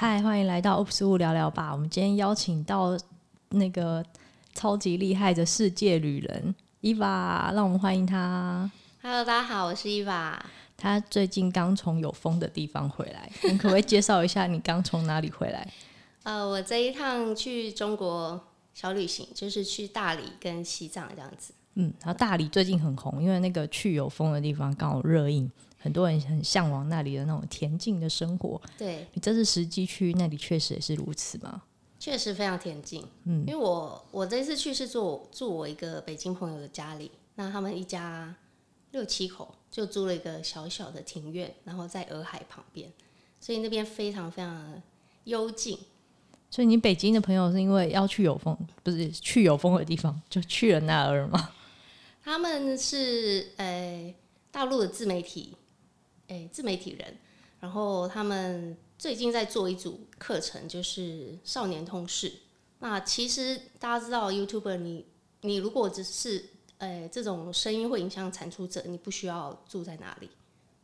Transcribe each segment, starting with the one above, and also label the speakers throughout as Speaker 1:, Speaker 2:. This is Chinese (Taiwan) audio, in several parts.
Speaker 1: 嗨，歡迎來到 oopsWu 聊聊吧。我們今天邀請到那個超級厲害的世界旅人伊娃，Eva, 讓我們歡迎她。
Speaker 2: Hello，大家好，我是伊娃。
Speaker 1: 她最近剛從有風的地方回來， 你可不可以介紹一下你剛從哪裡回來？
Speaker 2: 呃，我這一趟去中國小旅行，就是去大理跟西藏這樣子。嗯，
Speaker 1: 然、啊、後大理最近很紅，因為那個去有風的地方剛好熱映。很多人很嚮往那裡的那種恬靜的生活，對，你這次實際去那裡確實也是如此嘛？
Speaker 2: 確實非常恬靜，嗯，因為我我這次去是住我住我一個北京朋友的家裡，那他們一家六七口就租了一個小小的庭院，然後在洱海旁邊，所以那邊非常非常幽靜。
Speaker 1: 所以你北京的朋友是因為要去有風，不是去有風的地方，就去了那兒嗎？
Speaker 2: 他們是呃、欸、大陸的自媒體。哎，自媒體人，然後他們最近在做一組課程，就是少年通識。那其實大家知道，YouTuber，你你如果只是呃、哎、這種聲音會影響產出者，你不需要住在哪裡。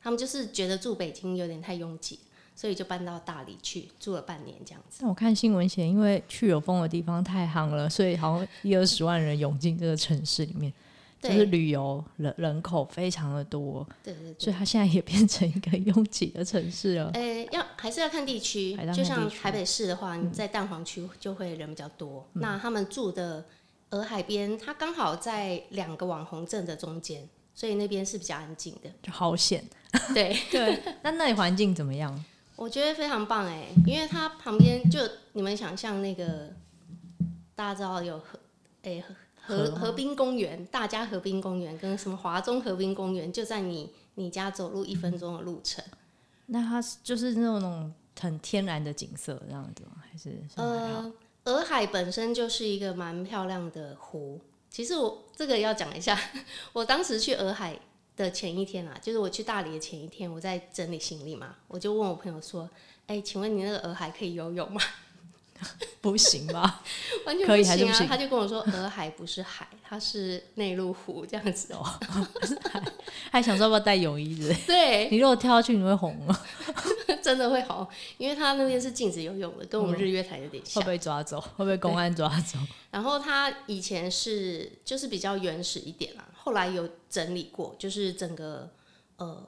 Speaker 2: 他們就是覺得住北京有點太擁擠，所以就搬到大理去住了半年這樣
Speaker 1: 子。那我看新聞寫，因為去有風的地方太夯了，所以好像一二十萬人湧進這個城市裡面。 就是旅遊人人口非常的多，對，對對，所以它現在也變成一個擁擠的城市了。呃、欸，
Speaker 2: 要還是要看地區，就像台北市的話，嗯、你在蛋黃區就會人比較多。嗯、那他們住的洱海邊，它剛好在兩個網紅鎮的中間，所以那邊是比較安靜的，
Speaker 1: 就好險。對 對， 那那裡環境怎麼樣？
Speaker 2: 我覺得非常棒哎、欸，因為它旁邊就你們想象那個大家知道有誒。欸河河濱公園，大佳河濱公園跟什麼華中河濱公園，就在你你家走路一分鐘的路程。
Speaker 1: 那它就是那種那種很天然的景色這樣子嗎，還是還？呃，
Speaker 2: 洱海本身就是一個蠻漂亮的湖。其實我這個要講一下，我當時去洱海的前一天啊，就是我去大理的前一天，我在整理行李嘛，我就問我朋友說：“哎、欸，請問你那個洱海可以游泳嗎？”
Speaker 1: 不行吧嗎？ 完全不行、啊、可以，還是不行？他就
Speaker 2: 跟我說，洱海不是海，它 是內陸湖，這樣子哦。
Speaker 1: 還想說要不要帶泳衣是不是？對，你如果跳下去，你會紅
Speaker 2: 嗎？ 真的會紅，因為他那邊是禁止游泳的，跟我們日月潭有點像。會被抓走？會被公安抓走？然後他以前是就是比較原始一點啊。後來有整理過，就是整個呃，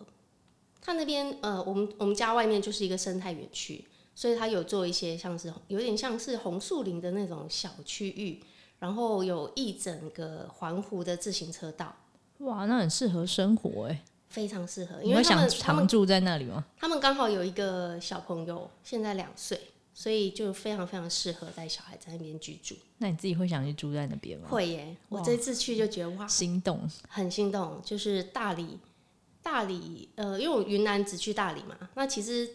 Speaker 2: 他那邊呃，我們我們家外面就是一個生態園區。所以他有做一些像是有點像是紅樹林的那種小區域，然後有一整個環湖的自行車道。
Speaker 1: 哇，那很適合生活哎、欸，非常適合。因為他們有有常住在那裡嗎？
Speaker 2: 他們剛好有一個小朋友，現在兩歲，所以就非常非常適合帶小孩在那邊居住。
Speaker 1: 那你自己會想去住在那邊嗎？會耶、
Speaker 2: 欸，我這次去就覺得哇，哇，心動，很心動。就是大理，大理，呃，因為我雲南只去大理嘛，那其實。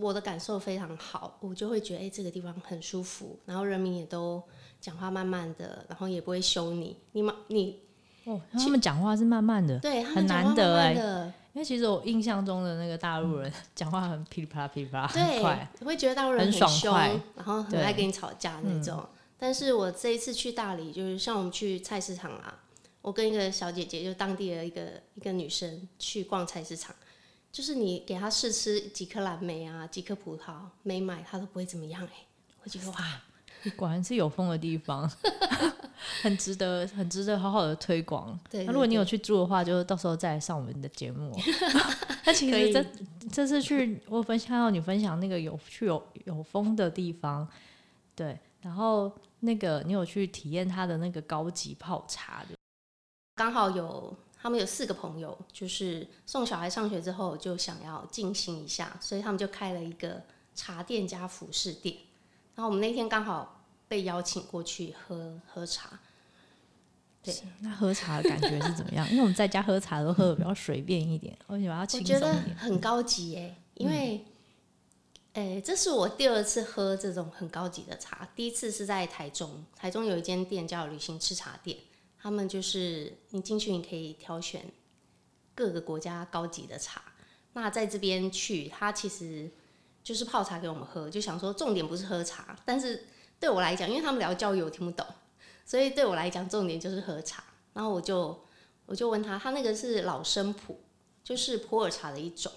Speaker 2: 我的感受非常好，我就會覺得，哎、欸，這個地方很舒服，然後人民也都講話慢
Speaker 1: 慢的，然後也不會凶你，你們你，哦，他們講話是慢慢的，對，很難得哎、欸，因為其實我印象中的那個大陸人講、嗯、話很噼裡啪啦噼裡啪啦，對，很快，會覺得大陸人很凶，很爽快，然後很愛跟你吵架那種、
Speaker 2: 嗯。但是我這一次去大理，就是像我們去菜市場啊，我跟一個小姐姐，就當地的一個一個女生去逛菜市場。就是你給他試吃幾顆藍莓啊，幾顆葡萄，沒買他都不會怎麼樣哎、欸。我覺
Speaker 1: 得哇，哇，果然是有風的地方， 很值得，很值得好好的推廣。對，對，對、啊，如果你有去住的話，就到時候再來上我們的節目。那、 啊、其實這可這次去，我分享到你分享那個有去有有風的地方，對，然後那個你有去體驗他的那個高級泡茶就，
Speaker 2: 剛好有。他們有四個朋友，就是送小孩上學之後就想要進行一下，所以他們就開了一個茶店加服飾店。然後我們那天剛好被邀請過去喝喝茶。對，那喝茶的感覺是怎麼樣？ 因
Speaker 1: 為我們在家喝茶都喝的比較隨便一點，而 且我覺得很
Speaker 2: 高級、欸、因為、嗯欸、這是我第二次喝這種很高級的茶，第一次是在台中，台中有一間店叫旅行吃茶店。他們就是你進去，你可以挑選各個國家高級的茶。那在這邊去，他其實就是泡茶給我們喝，就想說重點不是喝茶。但是對我來講，因為他們聊教育，我聽不懂，所以對我來講，重點就是喝茶。然後我就我就問他，他那個是老生普，就是普洱茶的一種，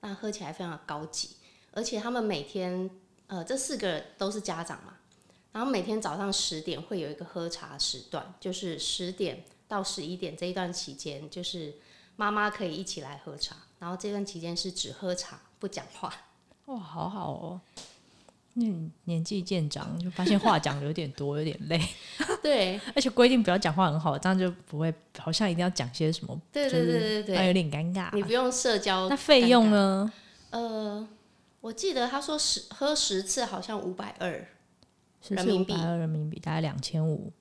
Speaker 2: 那喝起來非常的高級，而且他們每天呃，這四個都是家長嘛。然後每天早上十點會有一個喝茶時段，就是十點到十一點這一段期間，就是媽媽可以一起來喝茶。然後這段期間是只喝茶不講話。
Speaker 1: 哇，好好哦、喔嗯。年紀漸長，就發現話講的有點多， 有點累。對，而且規定不要講話，很好，這樣就不會好像一定要講些什麼。對對對對對，就是、有點尷尬。你不用社交尷尬。那費用呢？
Speaker 2: 呃，我記得他說十喝十次好像五百二。
Speaker 1: 人民幣，人民幣大概兩千五，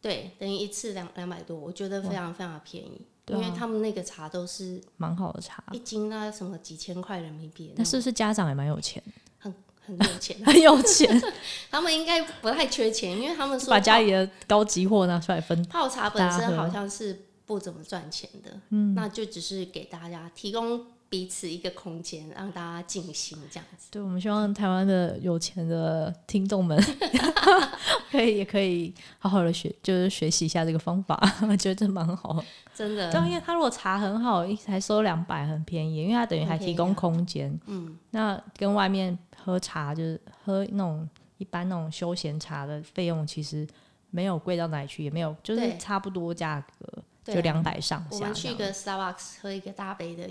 Speaker 2: 對，等於一次兩兩百多，我覺得非常非常便宜對。啊，因為他們那個茶都是蠻好的茶，一斤啊什麼幾千塊人民幣那。那
Speaker 1: 是不是家長也蠻有錢？很很有錢，很有錢， 有錢
Speaker 2: 他們應該不太缺錢，因為他們說把家
Speaker 1: 裡的高級貨拿出來分，泡茶本身好像
Speaker 2: 是不怎麼賺錢的，嗯，那就只是給大家提供。彼此一個空間，讓大家進行這樣
Speaker 1: 子。對，我們希望台灣的有錢的聽眾們 可以也可以好好的學，就是學習一下這個方法，我 覺得這蠻好。真的，對，因為他如果茶很好，還收兩百，很便宜，因為他等於還提供空間，啊。嗯，那跟外面喝茶就是喝那種一般那種休閒茶的費用，其實沒有貴到哪裡去，也沒有，就是差不多價格，就兩百上下，啊。我們去一個
Speaker 2: Starbucks 喝一個大杯的，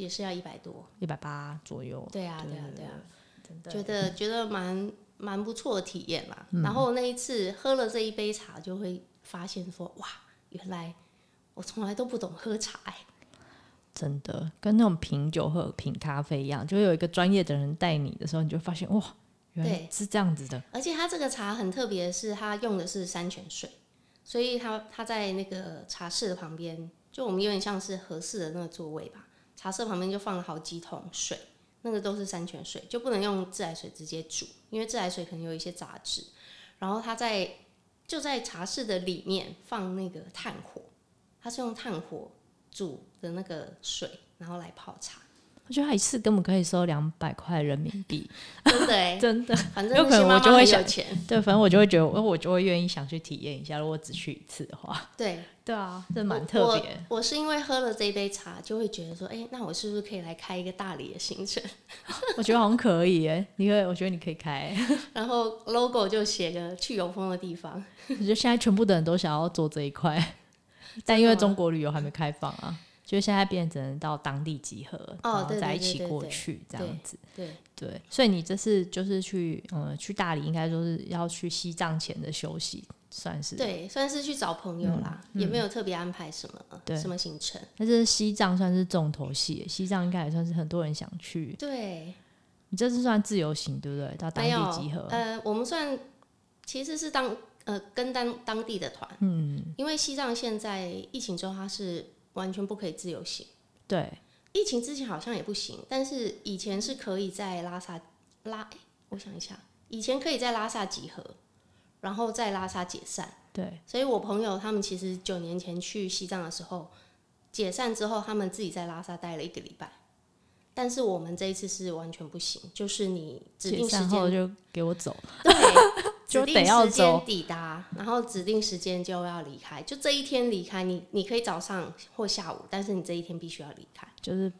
Speaker 2: 也是要一百多，
Speaker 1: 一百八左右。對啊，啊、對啊，
Speaker 2: 對啊，覺得、嗯、覺得蠻蠻不錯的體驗嘛。然後那一次喝了這一杯茶，就會發現說、嗯、哇，原來我從來都不懂喝茶、欸。
Speaker 1: 真的，跟那種品酒或品咖啡一樣，就有一個專業的人帶你的時候，你就發現哇，原來是這樣子的。
Speaker 2: 而且他這個茶很特別，是他用的是山泉水，所以他他在那個茶室的旁邊，就我們有點像是合適的那個座位吧。茶室旁邊就放了好幾桶水，那個都是山泉水，就不能用自來水直接煮，因為自來水可能有一些雜質。然後他在就在茶室的裡面放那個炭火，他是用炭火煮的那個水，然後來泡茶。
Speaker 1: 我覺得一次根本可以收兩百塊人民幣，真
Speaker 2: 的。反正媽媽有錢，有可能我就會想錢。 對，反正我就會
Speaker 1: 覺得，我就會願意想去體驗一下。 如果只去一次的話，
Speaker 2: 對對啊，這蠻特別。我是因為喝了這一杯茶，就會覺得說，哎、欸，那我是不是可以來開一個大理的行程？
Speaker 1: 我覺得好像可以哎、欸，因為我覺得你可以開、欸。
Speaker 2: 然後 logo 就寫個去有風的地方。
Speaker 1: 我覺得現在全部的人都想要做這一塊， 但因為中國旅遊還沒開放啊。就現在變成到當地集合，哦、然後再一起過去，對對對對對對這樣子。對對，對，對，所以你這次就是去，嗯、呃，去大理，應該就是要去西藏前的休息，算是，對，
Speaker 2: 算是去找朋友啦、嗯，也沒有特別安排什麼，嗯、什麼行程。
Speaker 1: 但是西藏算是重頭戲，西藏應該也算是很多人想去。對，你這次算自由行，對不對？到當地集合。呃，
Speaker 2: 我們算其實是當呃跟當當地的團，嗯，因為西藏現在疫情中，它是。完全不可以自由行。對，疫情之前好像也不行，但是以前是可以在拉薩拉、欸，我想一下，以前可以在拉薩集合，然後在拉薩解散。對，所以我朋友他們其實九年前去西藏的時候，解散之後他們自己在拉薩待了一個禮拜。但是我們這一次是完全不行，就是你
Speaker 1: 指定時間後就給我走。對。 就指定時間抵
Speaker 2: 達，然後指定時間就要離開，就這一天離開你，你你可以早上或下午，但是你這一天必
Speaker 1: 須要離開，就是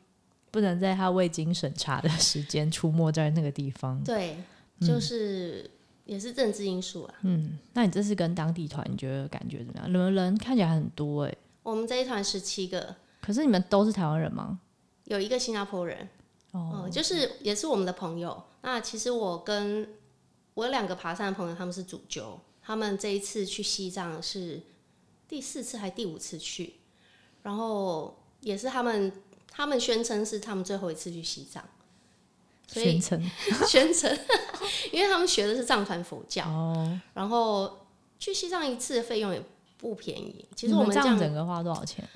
Speaker 1: 不能在他未經審查的時間出沒在那個地方。
Speaker 2: 對，就是、嗯、也是政治因素啊。嗯，
Speaker 1: 那你這是跟當地團，你覺得感覺怎麼樣？你們人看起來很多哎、
Speaker 2: 欸，我們這一團十七個，
Speaker 1: 可是你們都是台灣人嗎？
Speaker 2: 有一個新加坡人，哦、呃，就是也是我們的朋友。那其實我跟。我有兩個爬山的朋友，他們是主教。他們這一次去西藏是第四次還是第五次去？然後也是他們，他們宣稱是他們最後一次去西藏，
Speaker 1: 所以宣稱
Speaker 2: 宣稱，因為他們學的是藏傳佛教。哦。然後去西藏一次的費用也不便宜。其實我們這樣，你們這樣整個
Speaker 1: 花多少錢？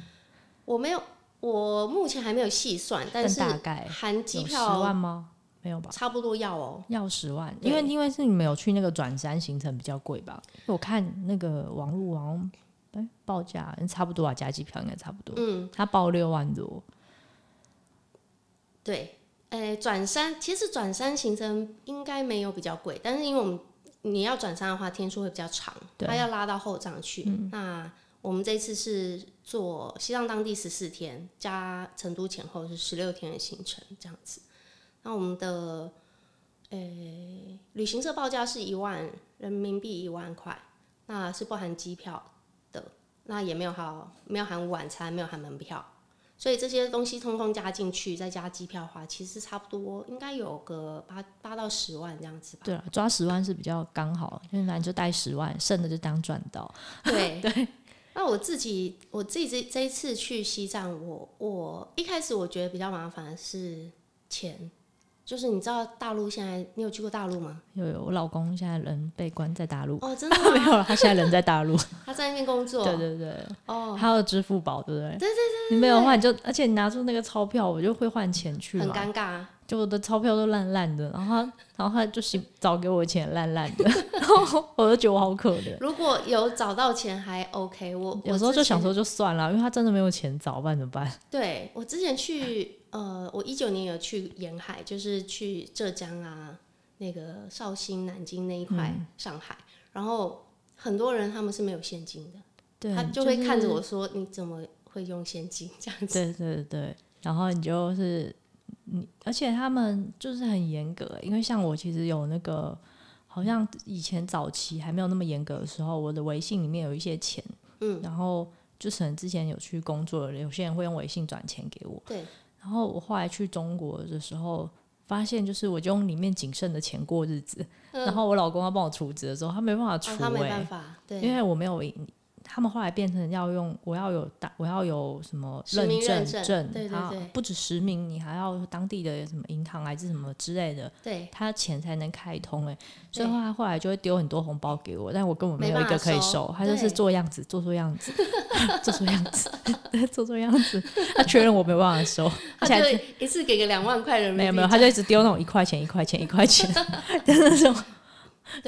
Speaker 2: 我沒有，我目前還沒有細算，但是但大概含機票十萬嗎？沒有吧？差不多要
Speaker 1: 哦，要十萬，因為因為是你沒有去那個轉山行程比較貴吧？我看那個網路網哎報價，差不多啊，加機票應該差不多。嗯，他報六萬多。
Speaker 2: 對，呃，轉山，其實轉山行程應該沒有比較貴，但是因為我們你要轉山的話，天數會比較長，他要拉到後藏去、嗯。那我們這次是做西藏當地十四天加成都前後、就是十六天的行程這樣子。那我們的，誒、欸，旅行社報價是一萬人民幣一萬塊，那是不含機票的，那也沒有好沒有含晚餐，沒有含門票，所以這些東西通通加進去，再加機票的話，其實差不多應該有個八八到十萬這樣子吧。對
Speaker 1: 啊，抓十萬是比較剛好，因為反正就帶十萬，剩的就當賺到。對
Speaker 2: 對，那我自己我自己這一次去西藏我，我我一開始我覺得比較麻煩的是錢。就是你知道大陸現在，你有去過大陸嗎？
Speaker 1: 有有，我老公現在人被關在大陸哦，真的、啊、沒有了，他現在人在大陸，
Speaker 2: 他在那邊工作， 對
Speaker 1: 對對，哦，他有支付寶，對不對？對對，對，對，對你沒有的話，你就而且你拿出那個鈔票，我就會換錢去，很尷尬。就我的鈔票都爛爛的，然後他，然後他就找給我錢，爛爛的， 然後我就覺得我好可憐。
Speaker 2: 如果有找到錢還 OK，我，我有時候就想說
Speaker 1: 就算了，因為他真的沒有錢找，不然怎麼辦？
Speaker 2: 對，我之前去呃，我一九年有去沿海，就是去浙江啊，那個紹興、南京那一塊，上海，嗯，然後很多人他們是沒有現金的，對他就會看着我說，就是：“你怎麼會用現金這樣子？”
Speaker 1: 對對對，然後你就是。而且他們就是很嚴格，因為像我其實有那個，好像以前早期還沒有那麼嚴格的時候，我的微信裡面有一些錢，嗯、然後就是之前有去工作的人，的有些人會用微信轉錢給我，然後我後來去中國的時候，發現就是我就用裡面僅剩的錢過日子，嗯、然後我老公要幫我出資的時候，他沒辦法出、欸，位、啊、他沒辦法，
Speaker 2: 對，因為我
Speaker 1: 沒有。他們後來變成要用，我要有，我要有什麼認證認證，證對對對，他不止實名，你還要當地的什麼銀行，來自什麼之類的，對，他錢才能開通哎。所以後來他後來就會丟很多紅包給我，但我根本沒有一個可以收，收他就是做樣子，做做樣子， 做做樣子呵呵，做做樣子，他確認我沒辦法收。 他就
Speaker 2: 一次給個兩萬塊人，民萬人民沒有沒有，他
Speaker 1: 就一直丟那種一塊錢一塊錢一塊錢的 那種。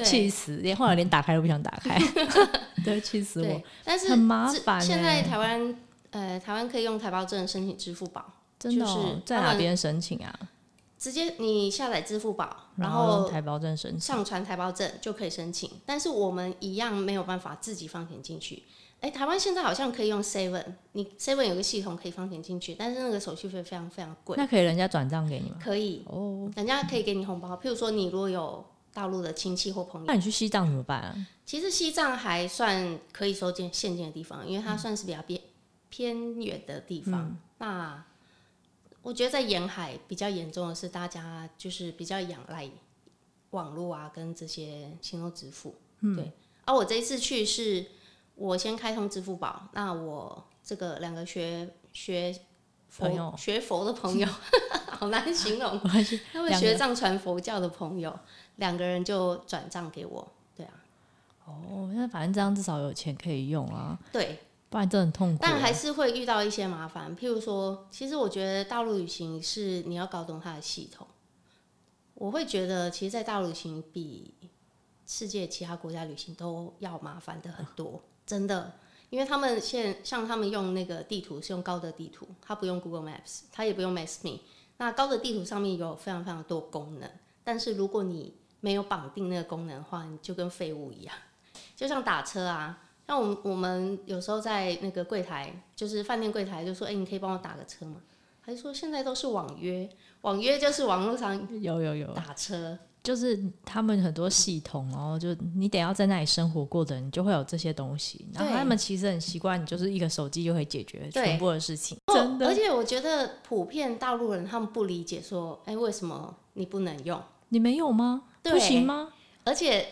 Speaker 2: 氣
Speaker 1: 死，連後來連打開都不想打開， 對，氣死我。但是很麻煩。欸、現在台
Speaker 2: 灣，呃，台灣可以用台胞證申請支付
Speaker 1: 寶。喔，就是在哪邊申請啊？
Speaker 2: 直接你下載支付寶，然後用台
Speaker 1: 胞證申請，上
Speaker 2: 傳台胞證就可以申請。但是我們一樣沒有辦法自己放錢進去。哎、欸，台灣現在好像可以用 Seven，你 Seven 有個系統可以放錢進去，但是那個手續費非常非常貴。那可
Speaker 1: 以人家轉賬給你嗎？
Speaker 2: 可以，哦、oh,，人家可以給你紅包。譬如說你如果有。大陸的親戚或朋友，那你
Speaker 1: 去西藏怎麼辦啊？
Speaker 2: 其實西藏還算可以收現金的地方，因為它算是比較、嗯、偏偏遠的地方、嗯。那我覺得在沿海比較嚴重的是，大家就是比較仰賴網絡啊，跟這些行動支付。嗯、對，而、啊、我這一次去是，我先開通支付寶。那我這個兩個學學佛、學佛的朋友， 好難形容，他們學藏傳佛教的朋友。兩個人就轉賬給我，對啊，哦，那
Speaker 1: 反正這樣至少有錢可以用啊，對，不然真的很痛苦啊。但還
Speaker 2: 是會遇到一些麻煩，譬如說，其實我覺得大陸旅行是你要搞懂它的系統。我會覺得，其實，在大陸旅行比世界其他國家旅行都要麻煩的很多，嗯，真的，因為他們現像他們用那個地圖是用高德地圖，他不用 Google Maps，他也不用 Maps Me。那高德地圖上面有非常非常多功能，但是如果你沒有綁定那個功能的話，你就跟廢物一樣。就像打車啊，像我們我們有時候在那個櫃檯，就是飯店櫃檯，就說：“哎，你可以幫我打個車嗎？”還是說現在都是網約？網約就是網絡上有有有打車，
Speaker 1: 就是他們很多系統哦，就你得要在那裡生活過的人，就會有這些東西。然後他們其實很習慣，你就是一個手機就可以解決全部的事情，真的。
Speaker 2: 哦，而且我覺得普遍大陸人他們不理解說：“哎，為什麼你不能用？
Speaker 1: 你沒有嗎？”
Speaker 2: 對不行嗎？而且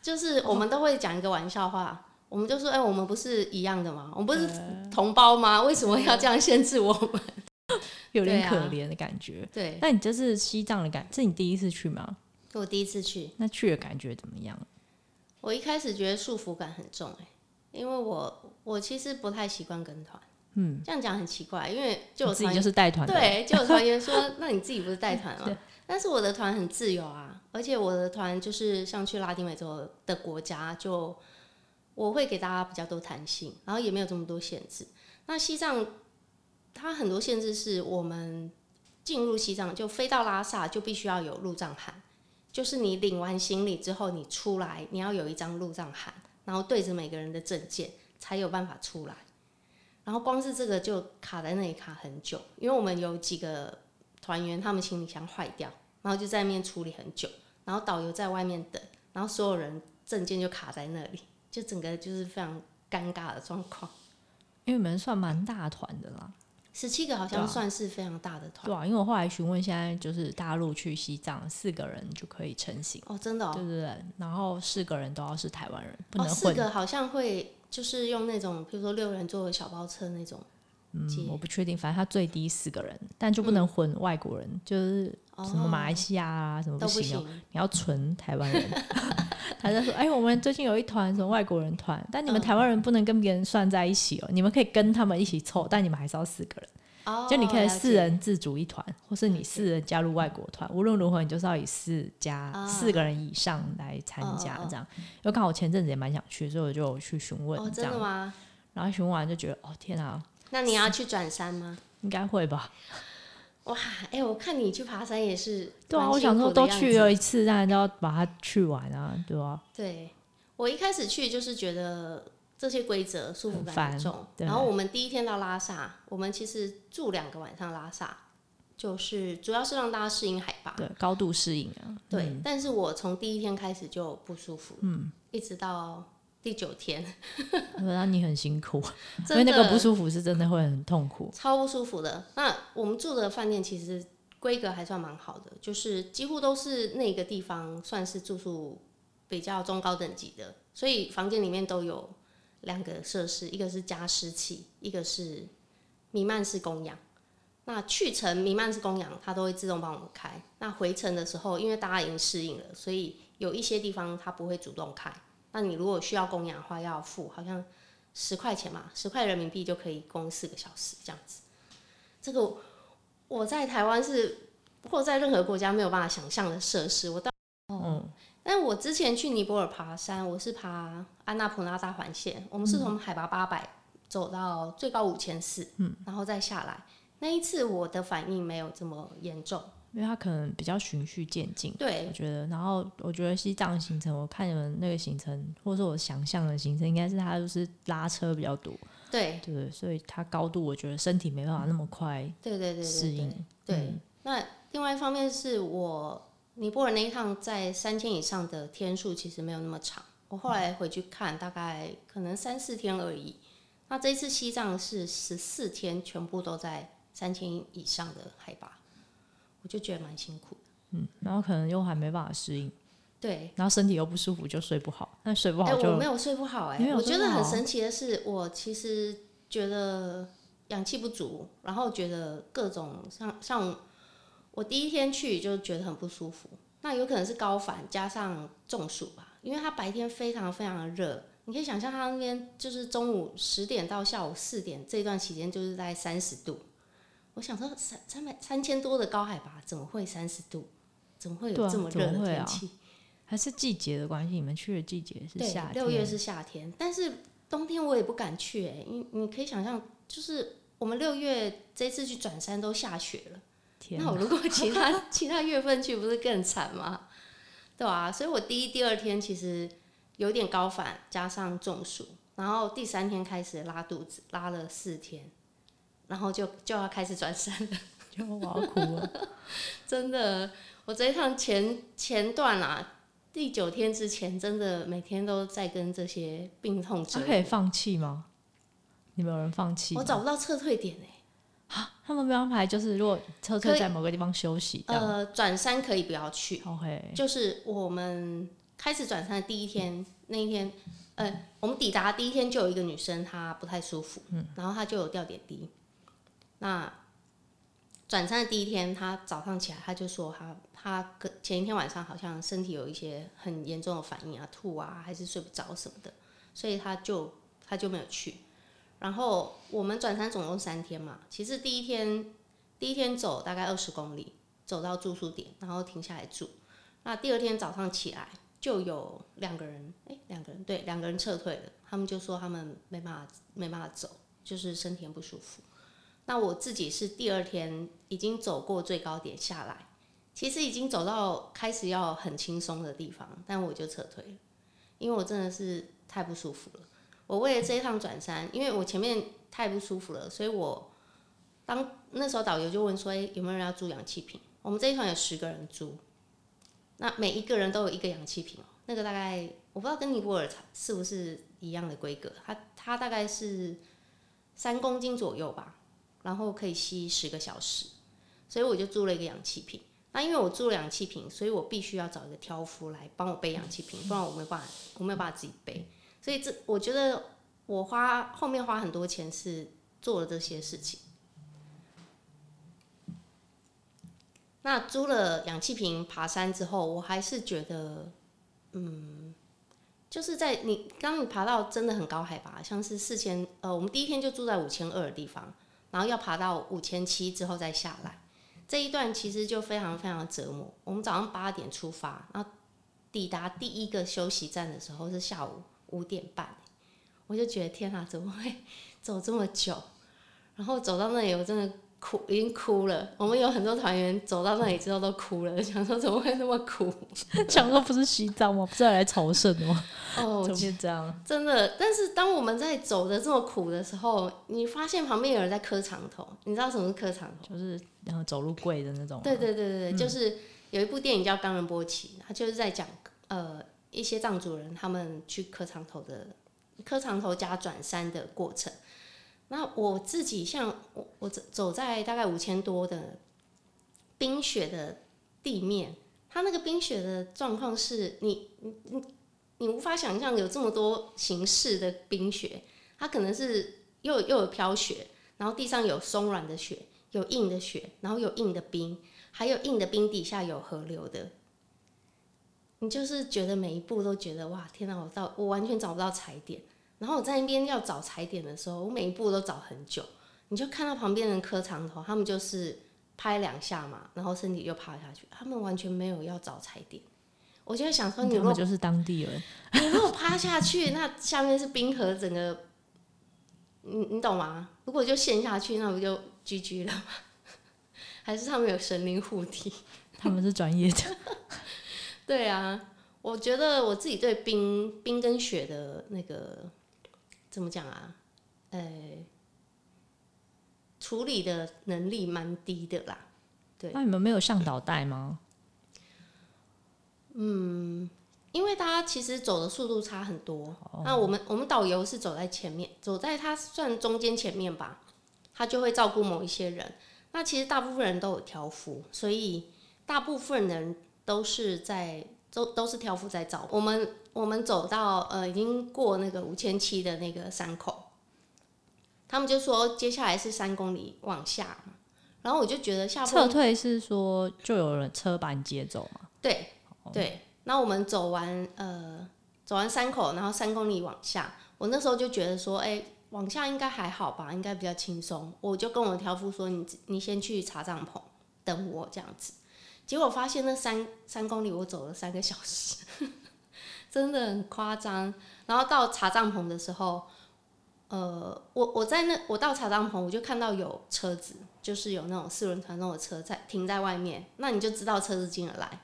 Speaker 2: 就是我們都會講一個玩笑話，哦、我們就說：“哎、欸，我們不是一樣的嗎？我們不是同胞嗎？呃、為什麼要這樣限制我們？ 有點可憐的
Speaker 1: 感覺。對啊”對，那你這是西藏的感，這你第一次去嗎？我第一次去。那去的感覺怎麼樣？
Speaker 2: 我一開始覺得束縛感很重，欸，哎，因為我我其實不太習慣跟團。嗯，這樣講很奇怪，因為就我自己就是帶團，對，就有團員說， 那你自己不是帶團嗎？但是我的團很自由啊，而且我的團就是像去拉丁美洲的國家，就我會給大家比較多彈性，然後也沒有這麼多限制。那西藏，它很多限制是我們進入西藏就飛到拉薩就必須要有入藏函，就是你領完行李之後你出來，你要有一張入藏函，然後對着每個人的證件才有辦法出來。然後光是這個就卡在那裡卡很久，因為我們有幾個。團員他們行李箱壞掉，然後就在那邊處理很久，然後導遊在外面等，然後所有人證件就卡在那裡，就整個就是非常尷尬的狀況。
Speaker 1: 因為你們算蠻大團的啦，
Speaker 2: 十七個好像算是非常大的團，
Speaker 1: 啊。對啊，因為我後來詢問，現在就是大陸去西藏，四個人就可以成行哦，真的，哦？對對對。然後四個人都要是台灣人，不能。哦，四個
Speaker 2: 好像會就是用那種，比如說六人坐小包車那種。
Speaker 1: 嗯，我不確定，反正他最低四個人，但就不能混外國人，嗯、就是什麼馬來西亞啊、哦、什麼不行，不行，你要純台灣人。 他就說：“哎、欸，我們最近有一團什麼外國人團，但你們台灣人不能跟別人算在一起哦，哦，你們可以跟他們一起湊，但你們還是要四個人。哦、就你可以四人自組一團、哦，或是你四人加入外國團，無論如何你就是要以四加、哦、四個人以上來參加這樣。又、哦、剛、哦、好前陣子也蠻想去，所以我就去詢問，這樣、哦、嗎？然後詢問完就覺得，哦天啊！”
Speaker 2: 那你要去轉山嗎？
Speaker 1: 應該會吧。
Speaker 2: 哇，哎、欸，我看你去爬山也是。對啊，我想說都去了一
Speaker 1: 次，當然就要把它去完啊，對吧、啊？
Speaker 2: 對，我一開始去就是覺得這些規則束縛感
Speaker 1: 很重。然後我們
Speaker 2: 第一天到拉薩，我們其實住兩個晚上拉薩，就是主要是讓大家適應海拔，對，
Speaker 1: 高度適應啊、嗯。對，但
Speaker 2: 是我從第一天開始就不舒服，嗯，一直到。第九天。
Speaker 1: 那你很辛苦，因為那個不舒服是真的會很痛苦，
Speaker 2: 超不舒服的。那我們住的飯店其實規格還算蠻好的，就是幾乎都是那個地方算是住宿比較中高等級的，所以房間裡面都有兩個設施，一個是加濕器，一個是彌漫式供氧。那去程彌漫式供氧它都會自動幫我們開，那回程的時候因為大家已經適應了，所以有一些地方它不會主動開。那你如果需要供氧的話，要付好像十塊錢嘛，十塊人民幣就可以供四個小時這樣子。這個我在台灣是，不過在任何國家沒有辦法想象的設施。我到，哦，但我之前去尼泊爾爬山，我是爬安納普納大環線，我們是從海拔八百走到最高五千四，嗯，然後再下來。那一次我的反應沒有這麼嚴重。
Speaker 1: 因為它可能比較循序漸進，對，我覺得。然後我覺得西藏的行程，我看你們那個行程，或者是我想象的行程，應該是它就是拉車比較多，對對，所以它高度，我覺得身體沒辦法那麼快，
Speaker 2: 對對對適應、嗯。對，那另外一方面是我尼泊爾那一趟，在三千以上的天數其實沒有那麼長，我後來回去看，大概可能三四天而已。那這一次西藏是十四天，全部都在三千以上的海拔。就覺得蠻辛苦
Speaker 1: 的，嗯，然後可能又還沒辦法適應，對，然後身體又不舒服就睡不好，那睡不好就，哎、欸，我沒有睡不好、欸，哎，我覺得很神
Speaker 2: 奇的是，我其實覺得氧氣不足，然後覺得各種像像我，我第一天去就覺得很不舒服，那有可能是高反加上中暑吧，因為他白天非常非常的熱，你可以想象他那邊就是中午十點到下午四點這段期間就是在三十度。我想說三三百三千多的高海拔，怎麼會三十度？怎麼會有這麼熱的天氣？啊
Speaker 1: 啊、還是季節的關係？你們去的季節是夏六月是
Speaker 2: 夏天，但是冬天我也不敢去哎、欸。因你，你可以想象，就是我們六月這次去轉山都下雪了。
Speaker 1: 天，那我如果其他
Speaker 2: 其他月份去，不是更慘嗎？對啊，所以我第一第二天其實有點高反，加上中暑，然後第三天開始拉肚子，拉了四天。然後就就要開始轉山了，我好哭啊！真的，我這一趟前前段啊，第九天之前，真的每天都在跟這些病痛。他可以放
Speaker 1: 棄嗎？ 你沒有人放棄？我找不
Speaker 2: 到撤退點、欸、
Speaker 1: 他們沒有安排，就是如果撤退在某個地方休息，呃，
Speaker 2: 轉山可以不要去。OK，、欸、就是我們開始轉山的第一天、嗯，那一天，呃，我們抵達第一天就有一個女生，她不太舒服，嗯、然後她就有吊點滴。那轉山的第一天，他早上起來他就說他，他他可前一天晚上好像身體有一些很嚴重的反應啊，吐啊，還是睡不着什麼的，所以他就他就沒有去。然後我們轉山總共三天嘛，其實第一天第一天走大概二十公里，走到住宿點，然後停下來住。那第二天早上起來就有兩個人，哎、欸，兩個人對，兩個人撤退了。他們就說他們沒辦法沒辦法走，就是身體很不舒服。那我自己是第二天已經走過最高點下來，其實已經走到開始要很輕鬆的地方，但我就撤退了，因為我真的是太不舒服了。我為了這一趟轉山，因為我前面太不舒服了，所以我當那時候導遊就問說：“哎、欸，有沒有人要租氧氣瓶？”我們這一團有十個人租，那每一個人都有一個氧氣瓶哦。那個大概我不知道跟尼泊爾是不是一樣的規格，它它大概是三公斤左右吧。然後可以吸十個小時，所以我就租了一個氧氣瓶。那因為我租了氧氣瓶，所以我必須要找一個挑夫來幫我背氧氣瓶，不然我沒辦法，我沒有辦法自己背。所以這我覺得我花後面花很多錢是做了這些事情。那租了氧氣瓶爬山之後，我還是覺得，嗯，就是在你當你爬到真的很高海拔，像是四千，呃，我們第一天就住在五千二的地方。然後要爬到五千七之後再下來，這一段其實就非常非常折磨。我們早上八點出發，然後抵達第一個休息站的時候是下午五點半，我就覺得天啊，怎麼會走這麼久？然後走到那裡，我真的。哭，已經哭了，我們有很多團員走到那裡之後都哭了，哦、想說怎麼會那麼苦 ？
Speaker 1: 想說不是西藏嗎？不是來朝聖的嗎？
Speaker 2: 哦，就這樣，真的。但是當我們在走的這麼苦的時候，你發現旁邊有人在磕長頭，你知道什麼是磕長頭？就是
Speaker 1: 然後走路跪的那種。對對對對，對，嗯、就是
Speaker 2: 有一部電影叫《岡仁波齊》，他就是在講呃一些藏族人他們去磕長頭的磕長頭加轉山的過程。那我自己像，我我走，走在大概五千多的冰雪的地面，它那個冰雪的狀況是你你你你無法想象有這麼多形式的冰雪，它可能是又又有飄雪，然後地上有鬆軟的雪，有硬的雪，然後有硬的冰，還有硬的冰底下有河流的，你就是覺得每一步都覺得哇天哪！啊，我到我完全找不到踩點。然後我在那邊要找踩點的時候，我每一步都找很久。你就看到旁邊人磕長頭，他們就是拍兩下嘛，然後身體就趴下去，他們完全沒有要找踩點。我就在想說，你如果，他們就
Speaker 1: 是當地人，
Speaker 2: 你如果趴下去，那下面是冰河，整個你你懂嗎？如果就陷下去，那不就 GG 了嗎？還是他們有神靈護體？
Speaker 1: 他們是專業的。
Speaker 2: 對啊，我覺得我自己對冰冰跟雪的那個。怎麼講啊？呃、欸，處理的能力蠻低的啦。對，那、
Speaker 1: 啊、你們沒有上導帶嗎？嗯，
Speaker 2: 因為大家其實走的速度差很多。Oh. 那我們我們導遊是走在前面，走在他算中間前面吧，他就會照顧某一些人。那其實大部分人都有挑夫，所以大部分人都是在都都是挑夫在照顧我們。我們走到呃，已經過那個五千七的那個山口，他們就說，接下來是三公里往下，然後我
Speaker 1: 就覺得下撤退是說就有人車把你接走嘛。對、oh. 對，
Speaker 2: 那我們走完呃，走完山口，然後三公里往下，我那時候就覺得說，哎、欸，往下應該還好吧，應該比較輕鬆。我就跟我挑夫說你，你你先去查帳篷，等我這樣子。結果發現那三三公里我走了三個小時。 真的很誇張。然後到查帳篷的時候，呃，我我在那，我到查帳篷，我就看到有車子，就是有那種四輪傳動的車在停在外面。那你就知道車子進來。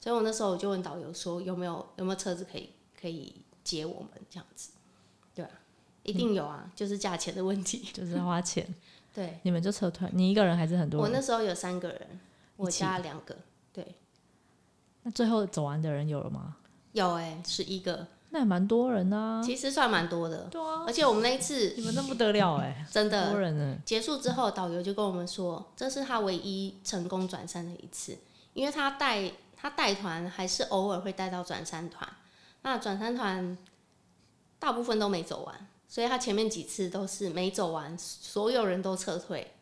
Speaker 2: 所以我那時候我就問導遊說，有沒有有沒有車子可以可以接我們這樣子？對啊，一定有啊，嗯、就是價錢的問題，就是花錢。
Speaker 1: 對，你們就撤團，你一個人還是很多人？我那
Speaker 2: 時候有三個人，我加兩個。對，
Speaker 1: 那最後走完的人有了嗎？
Speaker 2: 有哎、欸，十一個，那
Speaker 1: 也蠻多人呢、啊。其
Speaker 2: 實算蠻多的，對、啊、而且我們那一次，你們那不得了哎、欸，真的、欸，結束之後，導遊就跟我們說，這是他唯一成功轉山的一次，因為他帶他帶團還是偶爾會帶到轉山團，那轉山團大部分都沒走完，所以他前面幾次都是沒走完，所有人都撤退，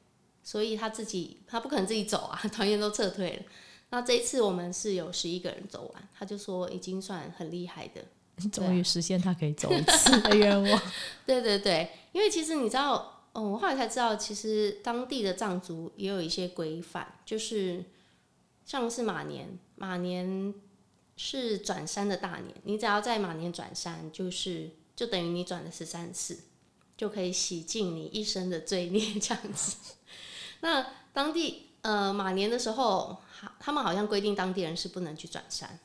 Speaker 2: 所以他自己他不可能自己走啊，團員都撤退了。那這一次我們是有十一個人走完，他就說已經算很厲害的，
Speaker 1: 終於實現他可以走一次
Speaker 2: 的願望。 對對對，因為其實你知道，嗯、哦，我後來才知道，其實當地的藏族也有一些規範，就是像是馬年，馬年是轉山的大年，你只要在馬年轉山，就是，就是就等於你轉了十三次，就可以洗盡你一生的罪孽這樣子。 那當地。呃，馬年的時候，好，他們好像規定當地人是不能去轉山。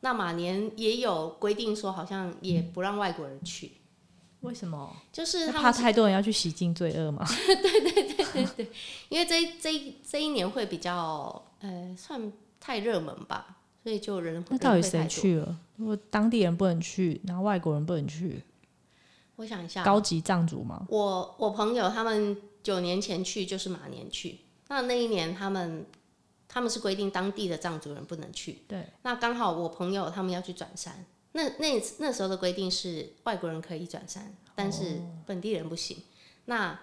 Speaker 2: 那馬年也有規定說，好像也不讓外國人去。
Speaker 1: 為什
Speaker 2: 麼？就是怕太多
Speaker 1: 人要去洗淨罪惡嘛。 對對
Speaker 2: 對對對，啊、因為這這一這一年會比較，呃，算太熱門吧，所以就人會太多。那到底誰去
Speaker 1: 了？如果當地人不能去，然後外國人不能去？
Speaker 2: 我想一下，高級
Speaker 1: 藏族嗎？
Speaker 2: 我我朋友他們九年前去就是馬年去。那那一年他，他們他們是規定當地的藏族人不能去。對。那剛好我朋友他們要去轉山。那那那時候的規定是外國人可以轉山，但是本地人不行。哦。那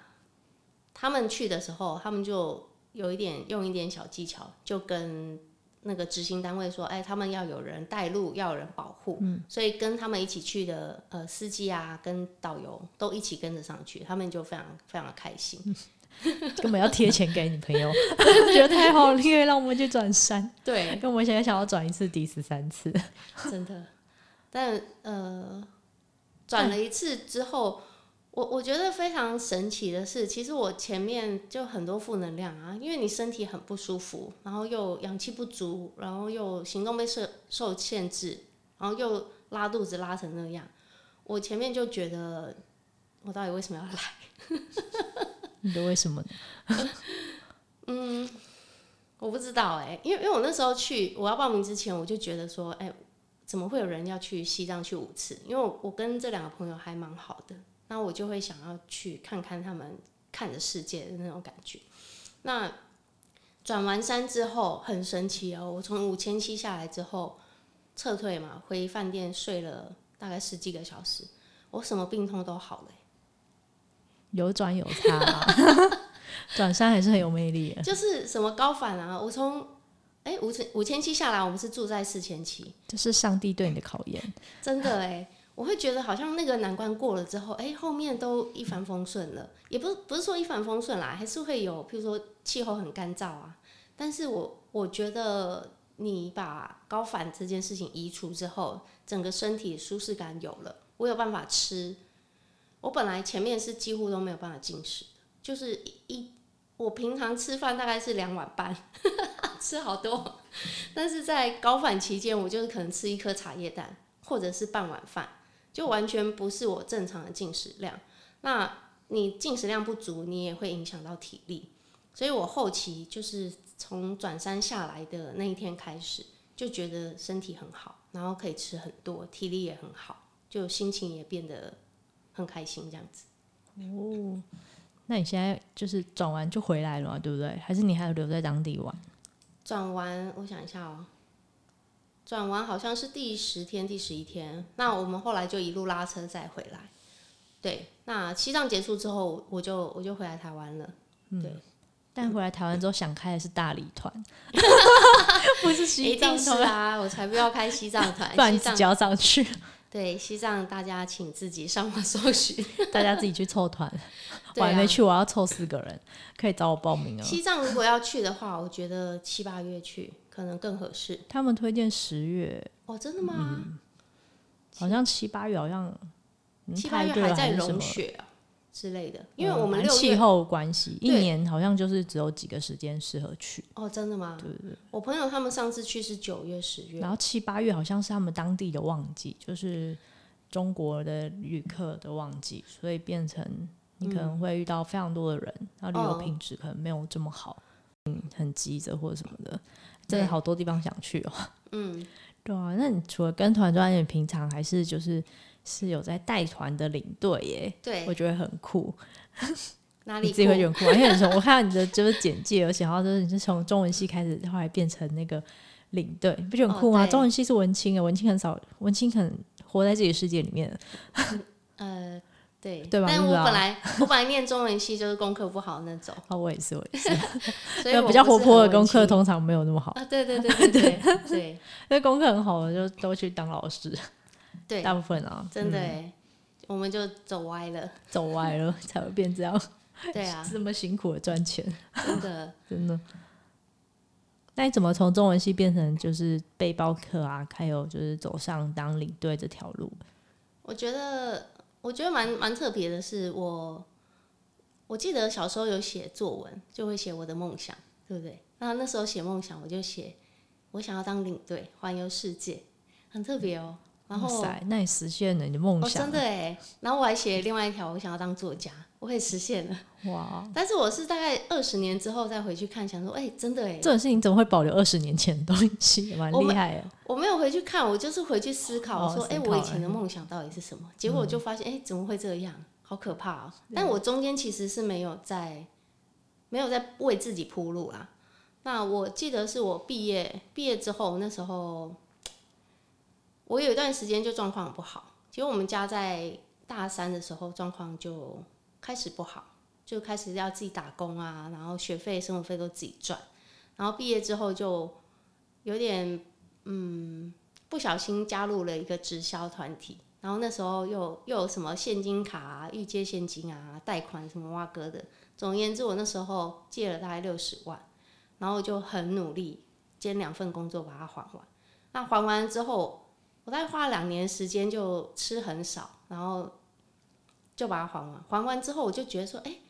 Speaker 2: 他們去的時候，他們就有一點用一點小技巧，就跟那個執行單位說：“哎，他們要有人帶路，要有人保護。”嗯。所以跟他們一起去的呃司機啊，跟導遊都一起跟着上去，他們就非常非常的開心。嗯。
Speaker 1: 根本要貼錢給女朋友 覺得太好了。 因為讓我們去轉山，對。跟我們現在想要轉一次抵十三次，
Speaker 2: 真的。但呃，
Speaker 1: 轉了一
Speaker 2: 次之後，我我覺得非常神奇的是，其實我前面就很多負能量啊，因為你身體很不舒服，然後又氧氣不足，然後又行動被受受限制，然後又拉肚子拉成那樣，我前面就覺得
Speaker 1: 我到底為什麼要來？ 你的為什麼呢？ 嗯，
Speaker 2: 我不知道哎、欸，因為因為我那時候去，我要報名之前，我就覺得說，哎、欸，怎麼會有人要去西藏去五次？因為我我跟這兩個朋友還蠻好的，那我就會想要去看看他們看着世界的那種感覺。那轉完山之後，很神奇哦、喔，我從五千七下來之後撤退嘛，回飯店睡了大概十幾個小時，我什麼病痛都好了、欸。
Speaker 1: 有轉有差，轉山還是很有魅力。就是
Speaker 2: 什麼高反啊，我從哎、欸、五千五千七下來，我們是住在四千七。
Speaker 1: 這是上帝對你的考驗，
Speaker 2: 真的哎、欸，我會覺得好像那個難關過了之後，哎、欸、後面都一帆風順了，也不是不是說一帆風順啦，還是會有，譬如說氣候很乾燥啊。但是我我覺得你把高反這件事情移除之後，整個身體舒適感有了，我有辦法吃。我本來前面是幾乎都沒有辦法進食，就是一,一我平常吃飯大概是兩碗半，呵呵，吃好多。但是在高反期間，我就是可能吃一顆茶葉蛋，或者是半碗飯，就完全不是我正常的進食量。那你進食量不足，你也會影響到體力。所以我後期就是從轉山下來的那一天開始，就覺得身體很好，然後可以吃很多，體力也很好，就心情也變得。很開心
Speaker 1: 這樣子哦，那你現在就是轉完就回來了嗎，對不對？還是你還要留在當地玩？
Speaker 2: 轉完我想一下哦、喔，轉完好像是第十天、第十一天，那我們後來就一路拉車再回來。對，那西藏結束之後，我就我就回來台灣
Speaker 1: 了、嗯。對，但回來台灣之後想開的是大理團，
Speaker 2: 嗯、 不是西藏團、欸啊、我才不要開西藏團，斷腳掌去。對西藏，大家請自己上網搜尋。大家自己
Speaker 1: 去湊團，我 還、啊，沒去，我要湊四個人，可以找我報名啊。西藏如果
Speaker 2: 要去的話， 我覺得七八月去可能更合適。
Speaker 1: 他們推薦十月。哦，真的嗎？嗯、好像七八月好像，嗯、七八月還在融雪
Speaker 2: 啊之類的，因為我們氣、嗯、候關
Speaker 1: 係，一年好像就是只有幾個時間適合去。
Speaker 2: 哦，真的嗎？對，對對，我朋友他們上次去是九月、十月，然後
Speaker 1: 七八月好像是他們當地的旺季，就是中國的旅客的旺季，所以變成你可能會遇到非常多的人，嗯、然後旅遊品質可能沒有這麼好，哦、嗯，很急着或者什麼的。真的好多地方想去哦、喔。嗯， 對啊，那你除了跟團專業，平常還是就是。是有在帶團的領隊耶，對，我覺得很酷，哪裡 你自己會覺得很酷？因為 我看到你的就是簡介，而且然後就是你是從中文系開始，後來變成那個領隊，不覺得很酷嗎？哦、中文系是文青的文青，很少，文青很活在自己世界裡面。 嗯、呃，
Speaker 2: 對
Speaker 1: 對吧？但我本來 我本來
Speaker 2: 念中文系就是功課不好的那種，哦，我也是我也是， 所以 比較活潑的功課通
Speaker 1: 常沒有那麼好、哦、對，對對對對對對，那 功課很好的就都去當老師。對啊、大部分啊、喔，真的、欸
Speaker 2: 嗯，我們就走歪了，
Speaker 1: 走歪了 才會變這樣。對啊，這麼辛苦的賺錢，真的 真的。那你怎麼從中文系變成就是背包客啊，還有就是走上當領隊這條路？
Speaker 2: 我覺得，我覺得蠻蠻特別的是我，我我記得小時候有寫作文，就會寫我的夢想，對不對？那那時候寫夢想，我就寫我想要當領隊，環遊世界，很特別哦、喔。嗯
Speaker 1: 然後、哦、塞！那你實現了你的夢想、哦，真的哎。
Speaker 2: 然後我還寫另外一條，我想要當作家，我也實現了。哇！但是我是大概二十年之後再回去看，想說，哎、欸，真的哎。這種
Speaker 1: 事情怎麼會保留二十年前的東西？蠻厲害哦。
Speaker 2: 我沒有回去看，我就是回去思考、哦，說，哎、哦欸，我以前的夢想到底是什麼？結果我就發現，哎、嗯欸，怎麼會這樣？好可怕哦、啊。但我中間其實是沒有在，沒有在為自己鋪路啦、啊。那我記得是我畢業畢業之後，那時候。我有一段時間就狀況不好，其實我們家在大三的時候狀況就開始不好，就開始要自己打工啊，然後學費、生活費都自己賺。然後畢業之後就有點嗯，不小心加入了一個直銷團體，然後那時候又又有什麼現金卡啊、預借現金啊、貸款什麼哇哥的，總而言之，我那時候借了大概六十萬，然後我就很努力兼兩份工作把它還完。那還完之後。我大概花兩年時間就吃很少，然後就把它還完。還完之後，我就覺得說，哎、欸，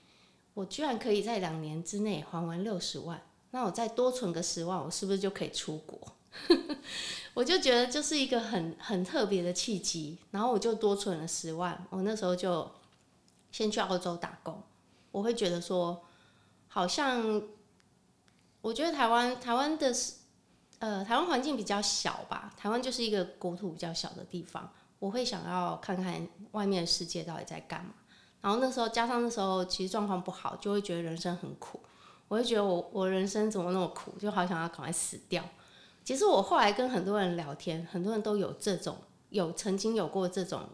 Speaker 2: 我居然可以在兩年之內還完六十萬。那我再多存個十萬，我是不是就可以出國？ 我就覺得這是一個很很特別的契機。然後我就多存了十萬。我那時候就先去澳洲打工。我會覺得說，好像我覺得台灣台灣的呃，台灣環境比較小吧，台灣就是一個國土比較小的地方。我會想要看看外面的世界到底在幹嘛。然後那時候加上那時候其實狀況不好，就會覺得人生很苦。我會覺得我我人生怎麼那麼苦，就好想要趕快死掉。其實我後來跟很多人聊天，很多人都有這種有曾經有過這種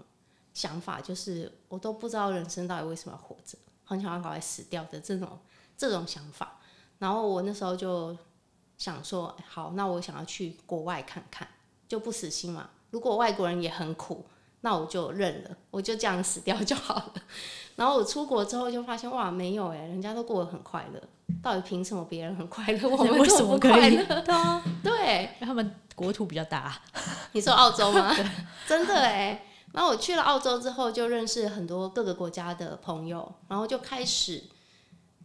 Speaker 2: 想法，就是我都不知道人生到底為什麼要活着，很想要趕快死掉的這種這種想法。然後我那時候就。想說、欸、好，那我想要去國外看看，就不死心嘛。如果外國人也很苦，那我就認了，我就這樣死掉就好了。 然後我出國之後就發現哇，沒有哎、欸，人家都過得很快樂。到底憑什麼別人很快樂？我們為什麼不快樂？對對， 他們國土比較大、啊。 對 你說澳洲嗎？ 真的哎、欸。然後我去了澳洲之後，就認識很多各個國家的朋友，然後就開始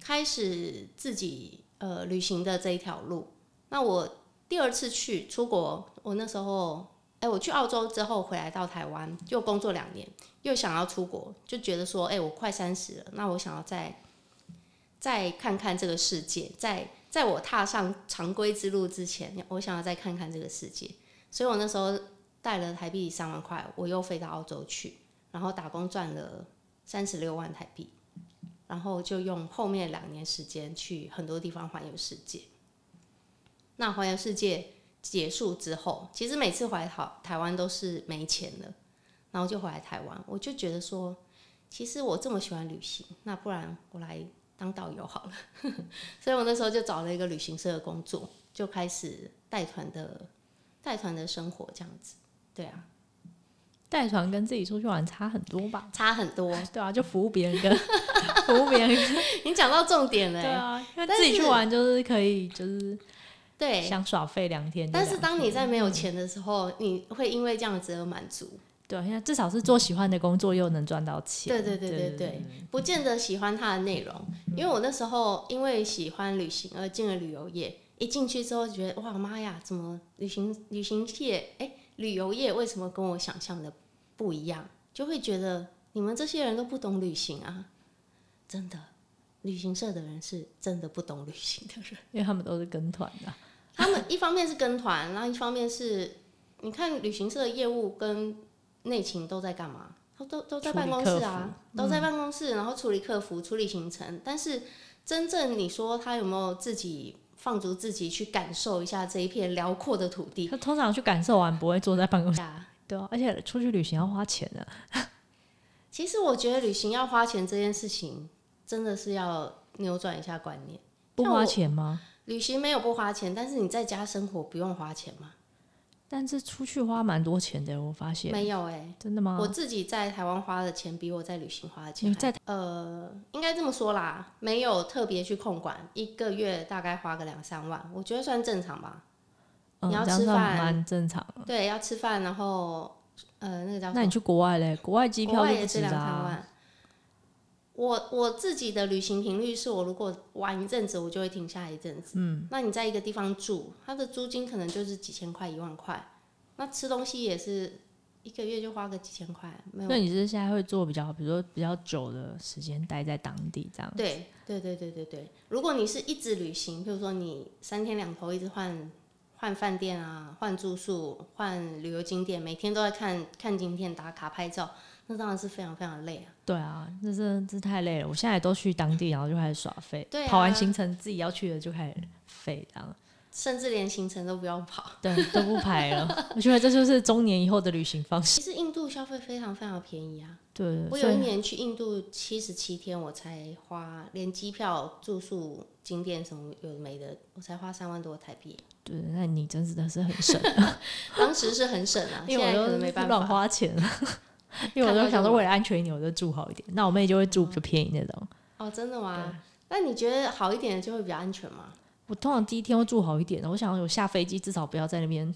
Speaker 2: 開始自己呃旅行的這一條路。那，我第二次去出國，我那時候，哎，我去澳洲之後回來到台灣，又工作兩年，又想要出國，就覺得說，哎，我快三十了，那我想要再再看看這個世界，在在我踏上常規之路之前，我想要再看看這個世界，所以我那時候帶了台幣三萬塊，我又飛到澳洲去，然後打工賺了三十六萬台幣，然後就用後面兩年時間去很多地方環遊世界。那環遊世界結束之後，其實每次回來台灣都是沒錢的。然後就回來台灣。我就覺得說，其實我這麼喜歡旅行，那不然我來當導遊好了。 所以我那時候就找了一個旅行社的工作，就開始帶團的，帶團的生活這樣子。
Speaker 1: 對啊，帶團跟自己出去玩差很多吧？差很多， 對啊，就服務別人跟服務別人。 你講到重點了，對啊，因為自己去玩就是可以，就是。對，想耍廢兩天。但是當你在沒有
Speaker 2: 錢的時候，嗯、你會因為這樣子而滿足。
Speaker 1: 對，現在至少是做喜歡的工作，又能賺到錢。對對對對對，對對對，
Speaker 2: 不見得喜歡它的內容、嗯。因為我那時候因為喜歡旅行而進了旅遊業，嗯、一進去之後覺得哇媽呀，怎麼旅行旅行界，欸、旅遊業為什麼跟我想象的不一樣？就會覺得你們這些人都不懂旅行啊，真的。旅行社的人是真的不懂旅行的人，因為他
Speaker 1: 們都是跟團的。
Speaker 2: 他們一方面是跟團，然後一方面是你看旅行社的業務跟內勤都在幹嘛？
Speaker 1: 都都都在辦公室啊、嗯，都在辦公
Speaker 2: 室，然後處理客服、處理行程。但是真正你說他有沒有自己放逐自己去感受一下這一片遼闊的土地？他通常去感受
Speaker 1: 完不會坐在辦公室，對啊，而且出去旅行要花錢的、
Speaker 2: 啊。其實我覺得旅行要花錢這件事情。真的是要扭轉一下觀念，
Speaker 1: 不花錢嗎？
Speaker 2: 旅行沒有不花錢，但是你在家生活不用花錢嗎？
Speaker 1: 但是出去花蠻多錢的、欸，我發現沒有
Speaker 2: 哎、欸，真的嗎？我自己在台灣花的錢比我在旅行花的錢，因為在，呃，應該這麼說啦，沒有特別去控管，一個月大概花個兩三萬，我覺得算正常吧。嗯、
Speaker 1: 你要吃飯蠻正常，
Speaker 2: 對，要吃飯，然後呃，那個叫……那你去國外嘞？國外機票、啊、國外也是兩三萬。我我自己的旅行頻率是，我如果玩一陣子，我就會停下一陣子。嗯，那你在一個地方住，它的租金可能就是幾千塊一萬塊，那吃東西也是一個月就花個幾千塊。那你是
Speaker 1: 現在會做比較，比如說比較久的時間待在當地這樣子？對
Speaker 2: 對對對對對。如果你是一直旅行，譬如說你三天兩頭一直換換飯店啊，換住宿，換旅遊景點，每天都在看看景點打卡拍照，那當然是非常非常累
Speaker 1: 啊！對啊，那真是，是太累了。我現在都去當地，然後就開始耍廢、啊，跑完行程自己要去的就開始廢，這樣，
Speaker 2: 甚至連行程都不用跑，
Speaker 1: 對，都不排了。 我覺得這就是中年以後的旅行方式。其實印
Speaker 2: 度消費非常非常便宜啊。
Speaker 1: 對，我有一年
Speaker 2: 去印度七十七天，我才花連機票、住宿、景點什麼有沒的，我才花三萬多台幣。
Speaker 1: 對，那你真的是很省、
Speaker 2: 啊。 當時是很省啊， 因為我都沒辦法亂花
Speaker 1: 錢因為我想說，為了安全一點，我就住好一點。那我妹、妹就會住就便宜那種。
Speaker 2: 哦，真的嗎？那你覺得好一點的就會比較安全嗎？
Speaker 1: 我通常第一天會住好一點，我想說我下飛機至少不要在那邊。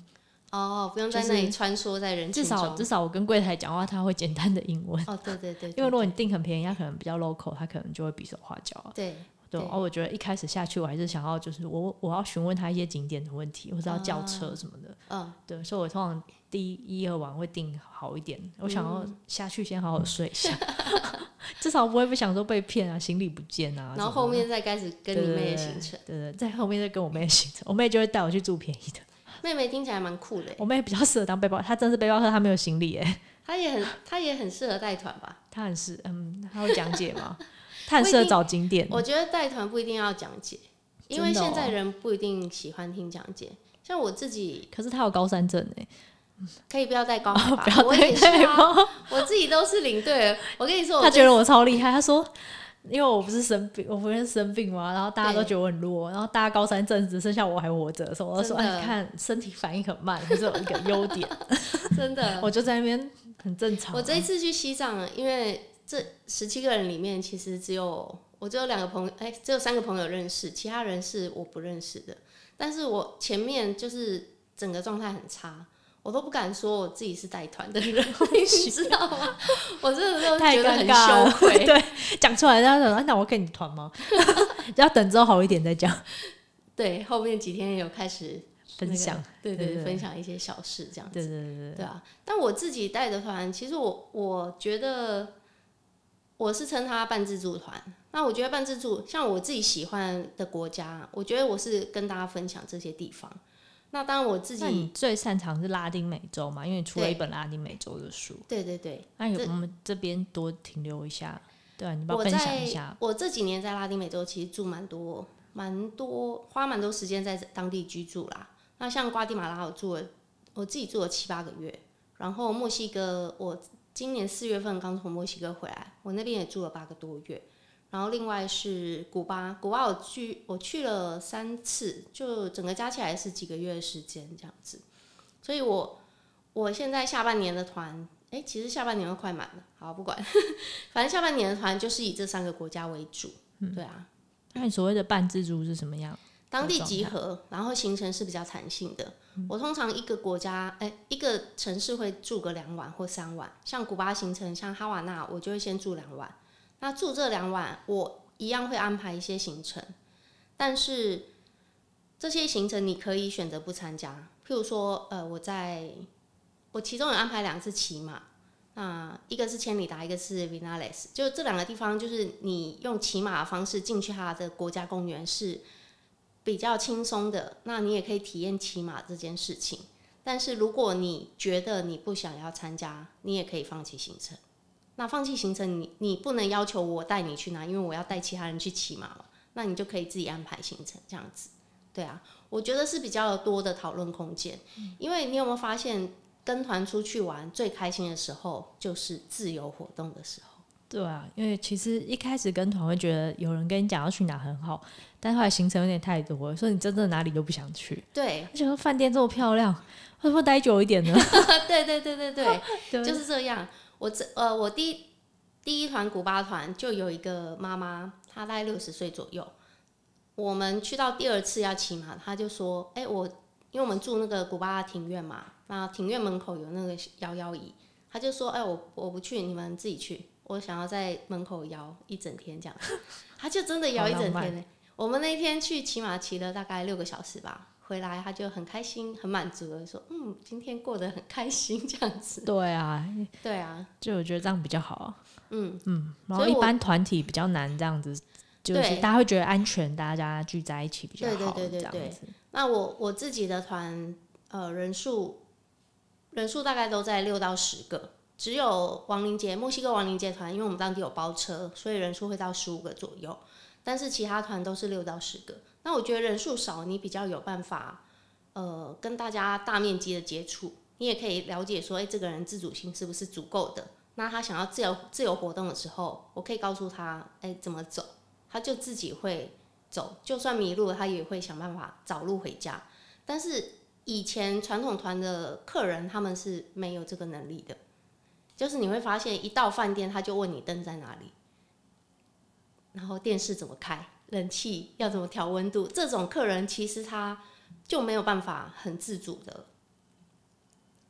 Speaker 2: 哦，不用在那裡穿梭
Speaker 1: 在人群。至少至少我跟櫃台講話，他會簡單的英文。哦，對對對。因為如果你訂很便宜，他可能比較 local，他可能就會比手畫腳。對。對，對，哦，我覺得一開始下去，我還是想要就是我我要詢問他一些景點的問題，或、啊、者道叫車什麼的。嗯、啊，對，所以，我通常第一,一二晚會訂好一點，嗯，我想要下去先好好睡一下， 至少不會不想說被騙啊， 行李不見啊。然後後面再開始跟你妹的行程。對對對，對，在後面再跟我妹的行程，我妹就會帶我去住便宜的。
Speaker 2: 妹妹聽起來蠻酷的，欸，
Speaker 1: 我妹比較適合當背包，她真的是背包客，她沒有行李哎，欸，
Speaker 2: 她也很她也很適合帶團吧，她很適嗯，她會講
Speaker 1: 解嗎？ 探視的找景點，我覺
Speaker 2: 得帶團不一定要講解、哦，因為現在人不一定喜歡聽講解。像我自己，
Speaker 1: 可是他有高山症
Speaker 2: 可以不要帶高吧、哦？不要我，也、啊、我自己都是領隊。我跟你說我，他覺得我超
Speaker 1: 厲害。他說，因為我不是生病，我不是生病嘛。然後大家都覺得我很弱，然後大家高山症只剩下我還活着，所以我就說，哎、啊，你看身體反應很慢，就是有一個優點。
Speaker 2: 真的， 我就
Speaker 1: 在那邊很正常、啊。我這一次去西藏了，因為。這十七個人裡
Speaker 2: 面，其實只有我只有兩個朋友，哎、欸，只有三個朋友認識，其他人是我不認識的。但是我前面就是整個狀態很差，我都不敢說我自己是帶團的人， 你知道嗎？ 我真的都覺得很羞愧。
Speaker 1: 對，講 出來，然、 啊、那我給你團嗎？ 要等之後好一點再講
Speaker 2: 對，後面幾天有開始
Speaker 1: 分享，對對，分享一
Speaker 2: 些小事這樣子，
Speaker 1: 對對對，對，對，對，
Speaker 2: 對，對，對、啊、但我自己帶的團，其實我我覺得。我是稱它半自助團，那我覺得半自助像我自己喜歡的國家，我覺得我是跟大家分享這些地方。那當然我自己，
Speaker 1: 最擅長是拉丁美洲嘛。因為你出了一本拉丁美洲的書。對，
Speaker 2: 對對對。那我們
Speaker 1: 這邊多停留一下，對，你幫我分享一下我。
Speaker 2: 我這幾年在拉丁美洲其實住蠻多，蠻多花蠻多時間在當地居住啦。那像瓜地馬拉，我住了我自己住了七八個月，然後墨西哥我。今年四月份剛從墨西哥回來，我那邊也住了八個多月。然後另外是古巴，古巴我去我去了三次，就整個加起來是幾個月的時間這樣子。所以我，我我現在下半年的團，誒、欸，其實下半年都快滿了。好，不管，呵呵反正下半年的團就是以這三個國家為主。對啊，
Speaker 1: 嗯，那你所謂的半自助是什麼樣？當地集合，
Speaker 2: 然後行程是比較彈性的。的我通常一個國家，哎、欸，一個城市會住個兩晚或三晚。像古巴行程，像哈瓦那，我就會先住兩晚。那住這兩晚，我一樣會安排一些行程，但是這些行程你可以選擇不參加。譬如說，呃，我在我其中有安排兩次騎馬，那、呃、一個是千里達，一個是 Vinales，就這兩個地方，就是你用騎馬的方式進去它的這個國家公園是，比較輕鬆的，那你也可以體驗騎馬這件事情。但是如果你覺得你不想要參加，你也可以放棄行程。那放棄行程你，你你不能要求我帶你去哪，因為我要帶其他人去騎馬嘛。那你就可以自己安排行程這樣子。對啊，我覺得是比較多的討論空間。嗯。因為你有沒有發現，跟團出去玩最開心的時候，就是自由活動的時候。
Speaker 1: 對啊，因為其實一開始跟團會覺得有人跟你講要去哪很好，但後來行程有點太多，所以你真的哪裡都不想去。對，而且說飯店這麼漂亮，會不會待久一點呢？ 對對
Speaker 2: 對對對， 對就是這樣。我這呃，我第一第一團古巴團就有一個媽媽，她大概六十歲左右。我們去到第二次要騎馬，她就說：“哎、欸，我因為我們住那個古巴的庭院嘛，那庭院門口有那個搖搖椅，她就說：‘哎、欸，我我不去，你們自己去。’”我想要在門口搖一整天這樣， 他就真的搖一整天呢、欸。我們那天去騎馬，騎了大概六個小時吧，回來他就很開心，很滿足的說：“嗯，今天過得很開心這
Speaker 1: 樣子。”對啊，對啊，就我覺得這樣比較好啊。嗯嗯，然後一般團體比較難這樣子，就是大家會覺得安全，大家聚在一起比較好這樣子。對對
Speaker 2: 對對對，那我我自己的團呃人數人數大概都在六到十個。只有王林杰、墨西哥王林杰團，因為我們當地有包車，所以人數會到十五個左右。但是其他團都是六到十個。那我覺得人數少，你比較有辦法，呃，跟大家大面積的接觸。你也可以了解說，哎，這個人自主性是不是足夠的？那他想要自由自由活動的時候，我可以告訴他，哎，怎麼走，他就自己會走。就算迷路，他也會想辦法找路回家。但是以前傳統團的客人，他們是沒有這個能力的。就是你會發現，一到飯店他就問你燈在哪裡，然後電視怎麼開，冷氣要怎麼調溫度。這種客人其實他就沒有辦法很自主的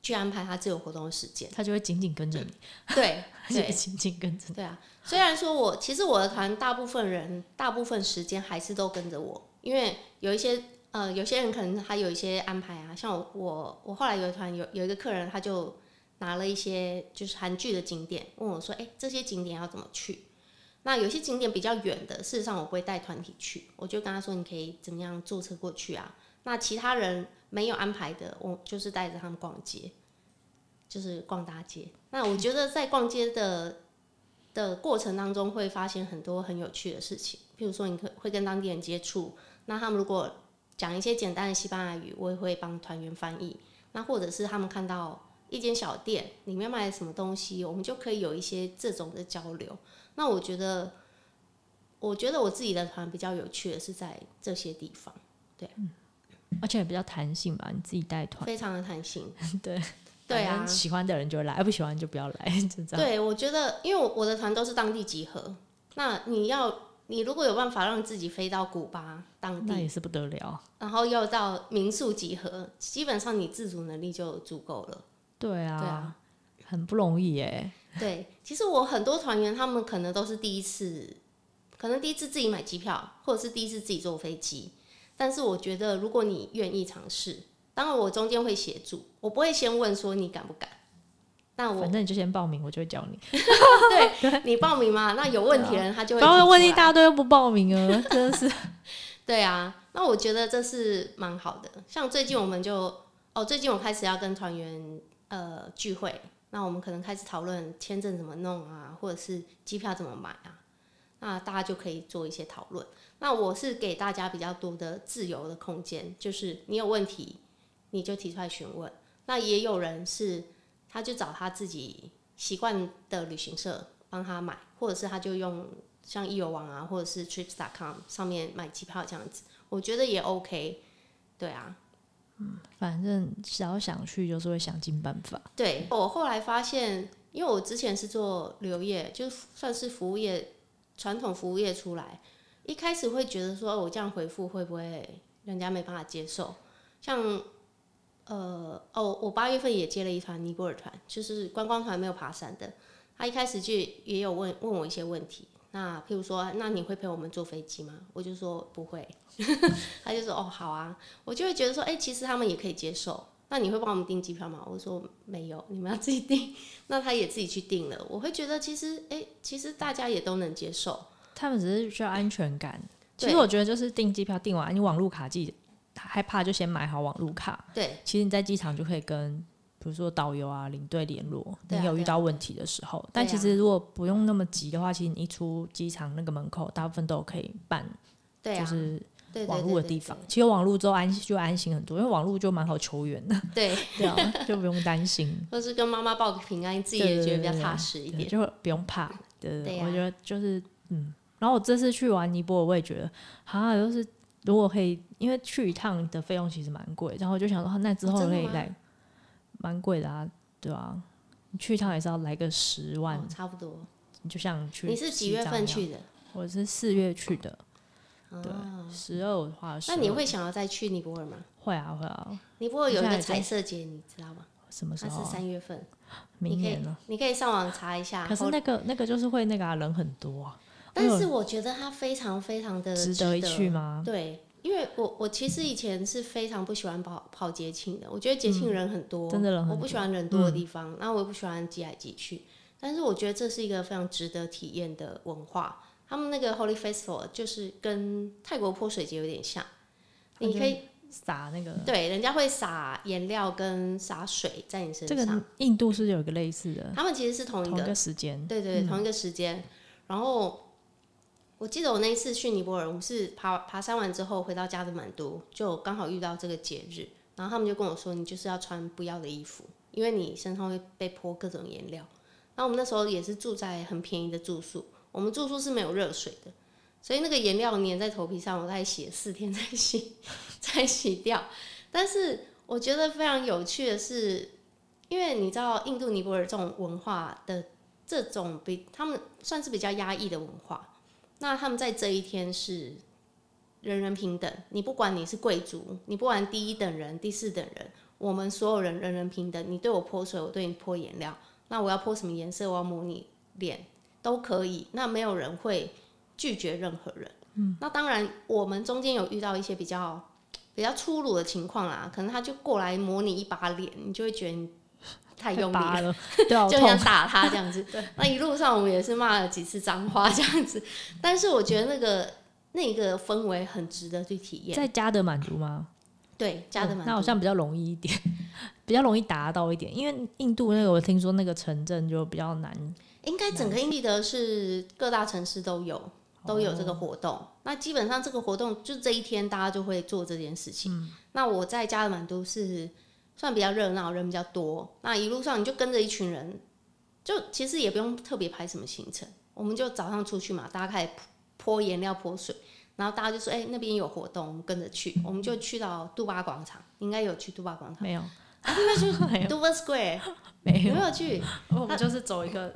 Speaker 2: 去安排他自由活
Speaker 1: 動的時間，他就會緊緊跟着你。
Speaker 2: 對對，緊
Speaker 1: 緊跟着。對啊，
Speaker 2: 雖然說我其實我的團大部分人，大部分時間還是都跟着我，因為有一些呃有些人可能他有一些安排啊，像我我，我後來有一團有有一個客人他就。拿了一些就是韓劇的景點，問我說：“誒，這些景點要怎麼去？”那有些景點比較遠的，事實上我不會帶團體去，我就跟他說：“你可以怎麼樣坐車過去啊？”那其他人沒有安排的，我就是帶着他們逛街，就是逛大街。那我覺得在逛街的的過程當中，會發現很多很有趣的事情，譬如說你會跟當地人接觸，那他們如果講一些簡單的西班牙語，我也會幫團員翻譯。那或者是他們看到。一間小店裡面賣什麼東西，我們就可以有一些這種的交流。那我覺得，我覺得我自己的團比較有趣的是在這些地方，
Speaker 1: 對，嗯、而且也比較彈性吧，你自己帶團，非
Speaker 2: 常的彈性，對，對啊，喜
Speaker 1: 歡的人就來，不喜歡就不要來，對，
Speaker 2: 我覺得，因為我我的團都是當地集合，那你要你如果有辦法讓自己飛到古巴當地，那也
Speaker 1: 是不得了，
Speaker 2: 然後又到民宿集合，基本上你自主能力就足夠了。對啊，
Speaker 1: 對啊，很不容易耶、欸。
Speaker 2: 對，其實我很多團員，他們可能都是第一次，可能第一次自己買機票，或者是第一次自己坐飛機。但是我覺得，如果你願意嘗試，當然我中間會協助，我不會先問說你敢不敢。
Speaker 1: 那我反正你就先報名，我就會教你。
Speaker 2: 對，你報名嘛？那有問題的人，他就會、啊、問一大
Speaker 1: 堆，又不報名啊， 真的是。
Speaker 2: 對啊，那我覺得這是蠻好的。像最近我們就哦，最近我開始要跟團員。呃，聚會，那我們可能開始討論簽證怎麼弄啊，或者是機票怎麼買啊，那大家就可以做一些討論。那我是給大家比較多的自由的空間，就是你有問題你就提出來詢問。那也有人是，他就找他自己習慣的旅行社幫他買，或者是他就用像易遊網啊，或者是 Trips.com 上面買機票這樣子，我覺得也 OK，對啊。
Speaker 1: 嗯，反正只要想去，就是會想盡辦法。對。
Speaker 2: 對，我後來發現，因為我之前是做旅遊業，就算是服務業，傳統服務業出來，一開始會覺得說，哦，我這樣回覆會不會人家沒辦法接受？像呃哦，我八月份也接了一團尼泊爾團，就是觀光團，沒有爬山的，他一開始就也有問問我一些問題。那譬如說，那你會陪我們坐飛機嗎？我就說不會， 他就說哦好啊，我就會覺得說，哎、欸，其實他們也可以接受。那你會幫我們訂機票嗎？我說沒有，你們要自己訂。 那他也自己去訂了，我會覺得其實，哎、欸，其實大家也都能接受。
Speaker 1: 他們只是需要安全感。其實我覺得就是訂機票訂完，你網路卡自己害怕就先買好網路卡。對，其實你在機場就可以跟。比如說導遊啊，領隊聯絡，你有遇到問題的時候。但其實如果不用那麼急的話，其實你一出機場那個門口，大部分都可以辦，就是網路的地方。啊、對對對對對對對，其實網路之後安就安心很多，因為網路就蠻好求援的。
Speaker 2: 對呵呵對
Speaker 1: 啊， 就不用擔心，
Speaker 2: 或是跟媽媽報個平安，自己也覺得比較踏實一點，就
Speaker 1: 會不用怕。對，對啊、我覺得就是嗯。然後我這次去玩尼泊爾，我也覺得，啊，就是如果可以，因為去一趟的費用其實蠻貴，然後我就想說，那之後可以來、喔。蠻貴的啊，對啊，你去一趟也是要來個十萬，哦，差不多。你就像去，你是幾月份去的？我是四月去的。啊、對，十二的話的，那你會想
Speaker 2: 要再去尼泊爾嗎？
Speaker 1: 會啊，會啊。欸、尼泊爾有一個彩色
Speaker 2: 節，你知道嗎？什麼時候、啊？它是三月份，
Speaker 1: 明年呢
Speaker 2: 你，你可以上網查一下。可是那
Speaker 1: 個那個就是會那個啊，人很多、啊。但是我
Speaker 2: 覺得它非常非常的值得、呃、值得一去嗎？對。因為我我其實以前是非常不喜歡跑跑節慶的，我覺得節慶人很多，嗯、真的了，我不喜歡人多的地方，那、嗯、我也不喜歡擠來擠去。但是我覺得這是一個非常值得體驗的文化，他們那個 Holy Festival 就是跟泰國潑水節有點像，你可以撒那個，對，人家會撒顏料跟撒水在你身上。這
Speaker 1: 個、印度是有一個類似的，他們
Speaker 2: 其實是同一個，同個時間，對對、嗯，同一個時間，然後。我記得我那一次去尼泊爾，我是爬爬山完之後回到加德滿都，就剛好遇到這個節日，然後他們就跟我說：“你就是要穿不要的衣服，因為你身上會被潑各種顏料。”然後我們那時候也是住在很便宜的住宿，我們住宿是沒有熱水的，所以那個顏料粘在頭皮上，我大概洗了四天才洗才洗掉。但是我覺得非常有趣的是，因為你知道印度尼泊爾這種文化的這種比他們算是比較壓抑的文化。那他們在這一天是人人平等。你不管你是貴族，你不管第一等人、第四等人，我們所有人人人平等。你對我潑水，我對你潑顏料，那我要潑什麼顏色，我要抹你臉都可以。那沒有人會拒絕任何人。嗯，那當然，我們中間有遇到一些比較比較粗魯的情況啦。可能他就過來抹你一把臉，你就會覺得。太用力
Speaker 1: 了， 就想打他這樣
Speaker 2: 子。 那一路上我們也是罵了幾次髒話這樣子，但是我覺得那個那個氛圍很值得去體驗。在
Speaker 1: 加德滿都嗎？對，加德滿都、嗯。那好像比較容易一點，比較容易達到一點，因為印度那個我聽說那個城鎮就比較難。
Speaker 2: 應該整個印度是各大城市都有
Speaker 1: 都有這個活
Speaker 2: 動。哦、那基本上這個活動就這一天大家就會做這件事情。嗯、那我在加德滿都是算比較熱鬧，人比較多。那一路上你就跟着一群人，就其實也不用特別排什麼行程，我們就早上出去嘛，大家開始潑顏料、潑水，然後大家就說：“哎、欸，那邊有活動，我們跟着去。”我們就去到杜巴廣場，應該有去杜巴廣場沒
Speaker 1: 有？沒有去杜巴 Square，沒有，有沒有去沒有。我們就是走一個，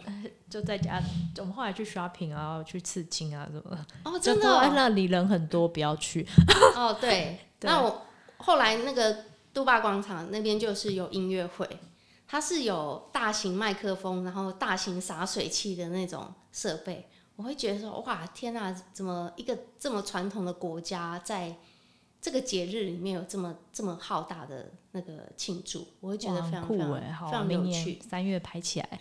Speaker 1: 就在家。我們後來去 shopping 啊，去刺青啊什麼的。哦，真的、哦？那裡人很多，不要去。 哦對，對。那
Speaker 2: 我後來那個。杜巴廣場那邊就是有音樂會，它是有大型麥克風，然後大型灑水器的那種設備。我會覺得說，哇，天哪、啊，怎麼一個這麼傳統的國家，在這個節日裡面有這麼這麼浩大的那個慶祝？我會覺得非常非常哎，好啊，非常有趣。明年
Speaker 1: 三月拍起來。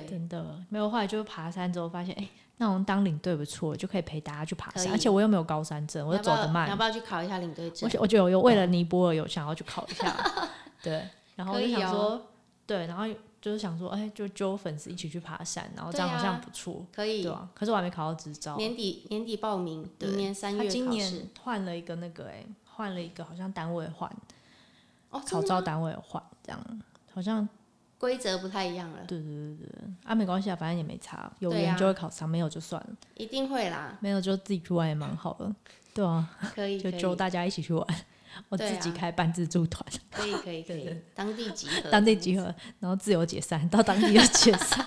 Speaker 1: 對，真的沒有。後來就是爬山之後發現，哎、欸，那我們當領隊不錯，就可以陪大家去爬山。而且我又沒有高山症，我又走得慢。你要，不要，你要不要去考一下領隊證？我覺得我就有為了尼泊爾有想要去考一下 對、喔，對。然後就想說，對，然後就是想說，哎，就揪粉絲一起去爬山，然後這樣好像不錯、啊。可以，對、啊。可是我還沒考到執照。年底年底報名，明年三月考試。今年換了一個那個、欸，哎，換了一個，好像單位換、喔，考招單位換，這樣好像。
Speaker 2: 規則不太一樣
Speaker 1: 了。對對對對啊，沒關係啊，反正也沒差。有緣就會考察、啊，沒有就算了。一
Speaker 2: 定會啦。
Speaker 1: 沒有就自己去玩也蠻好的，對啊，可以，可以就，就大家一起去玩，我自己開半自助團。可以可以
Speaker 2: 可以對對對，當地集合，當地集合，
Speaker 1: 是不是然後自由解散，到當地要解散，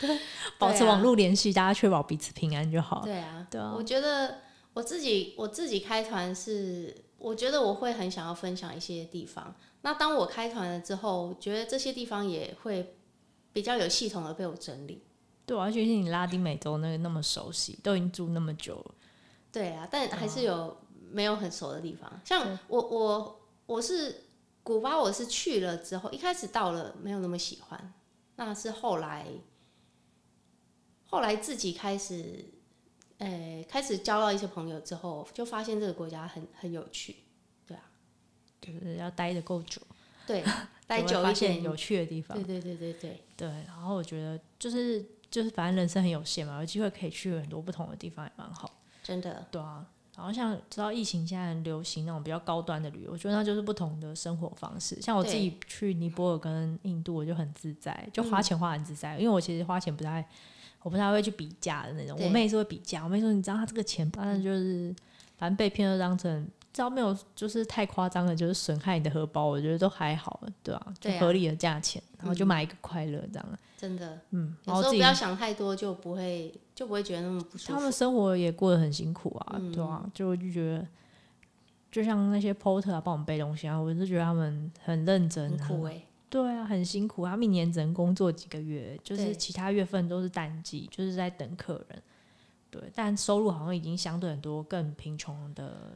Speaker 1: 保持網絡聯繫，大家確保彼此平安就好。對啊，對啊，
Speaker 2: 對啊，我覺得我自己我自己開團是，我覺得我會很想要分享一些地方。那當我開團了之後，覺得這些地方也會比較有系統的被我整理。
Speaker 1: 對啊，完全是你拉丁美洲那個那麼熟悉，都已經住那麼久了。
Speaker 2: 對啊，但還是有沒有很熟的地方。像我，我我是古巴，我是去了之後，一開始到了沒有那麼喜歡，那是後來後來自己開始呃、欸、開始交到一些朋友之後，就發現這個國家很很有趣。
Speaker 1: 就是要待得夠久，
Speaker 2: 對，待久一點， 發現有趣的地方。對對
Speaker 1: 對對對對。對，然後我覺得就是就是，反正人生很有限嘛，有機會可以去很多不同的地方，也蠻好。真的。對啊。然後像知道疫情現在流行那種比較高端的旅遊，我覺得那就是不同的生活方式。像我自己去尼泊爾跟印度，我就很自在，就花錢花很自在，嗯，因為我其實花錢不太，我不太會去比價的那種。我妹是會比價，我妹說你知道她這個錢，就是嗯，反正就是反正被騙就當成。只要沒有就是太誇張了，就是損害你的荷包，我覺得都還好，對吧、啊啊？就合理的價錢、嗯，然後就買一個快樂這樣
Speaker 2: 真的，嗯，有時候不要想太多，就不會就不會覺得那麼不舒服。他們
Speaker 1: 生活也過得很辛苦啊，嗯、對吧、啊？就就覺得就像那些 porter 啊，幫我們背東西啊，我就覺得他們很認真、啊，很苦、欸、對啊，很辛苦。他們一年只能工作幾個月，就是其他月份都是淡季，就是在等客人。對，但收入好像已經相對很多更貧窮的。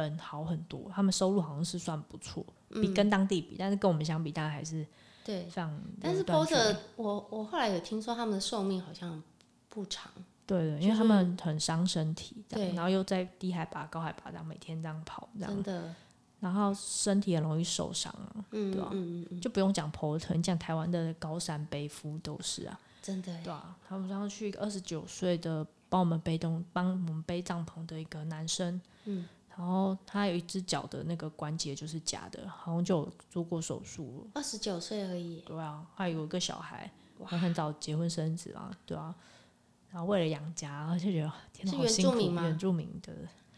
Speaker 1: 人好很多，他們收入好像是算不錯、嗯，比跟當地比，但是跟我們相比，大概還是非常對這樣。但是 porter，
Speaker 2: 我我後來有聽說他們的壽命好像不長，
Speaker 1: 對對、就是，因為他們很傷身體，對，然後又在低海拔、高海拔這樣每天這樣跑這樣，真的，然後身體很容易受傷啊，嗯、對吧、啊嗯嗯嗯，就不用講 porter，你講台灣的高山背夫都是啊，真的，對，他們上剛去一個二十九歲的幫我們背東幫我們背帳篷的一個男生，嗯。然後他有一只腳的那個關節就是假的，好像就有做過手術，二十九歲而已。對啊，還有一個小孩，還很早結婚生子啊，對啊。然後為了養家，然後就覺得天哪，好辛苦。是原住民嗎？原住民的。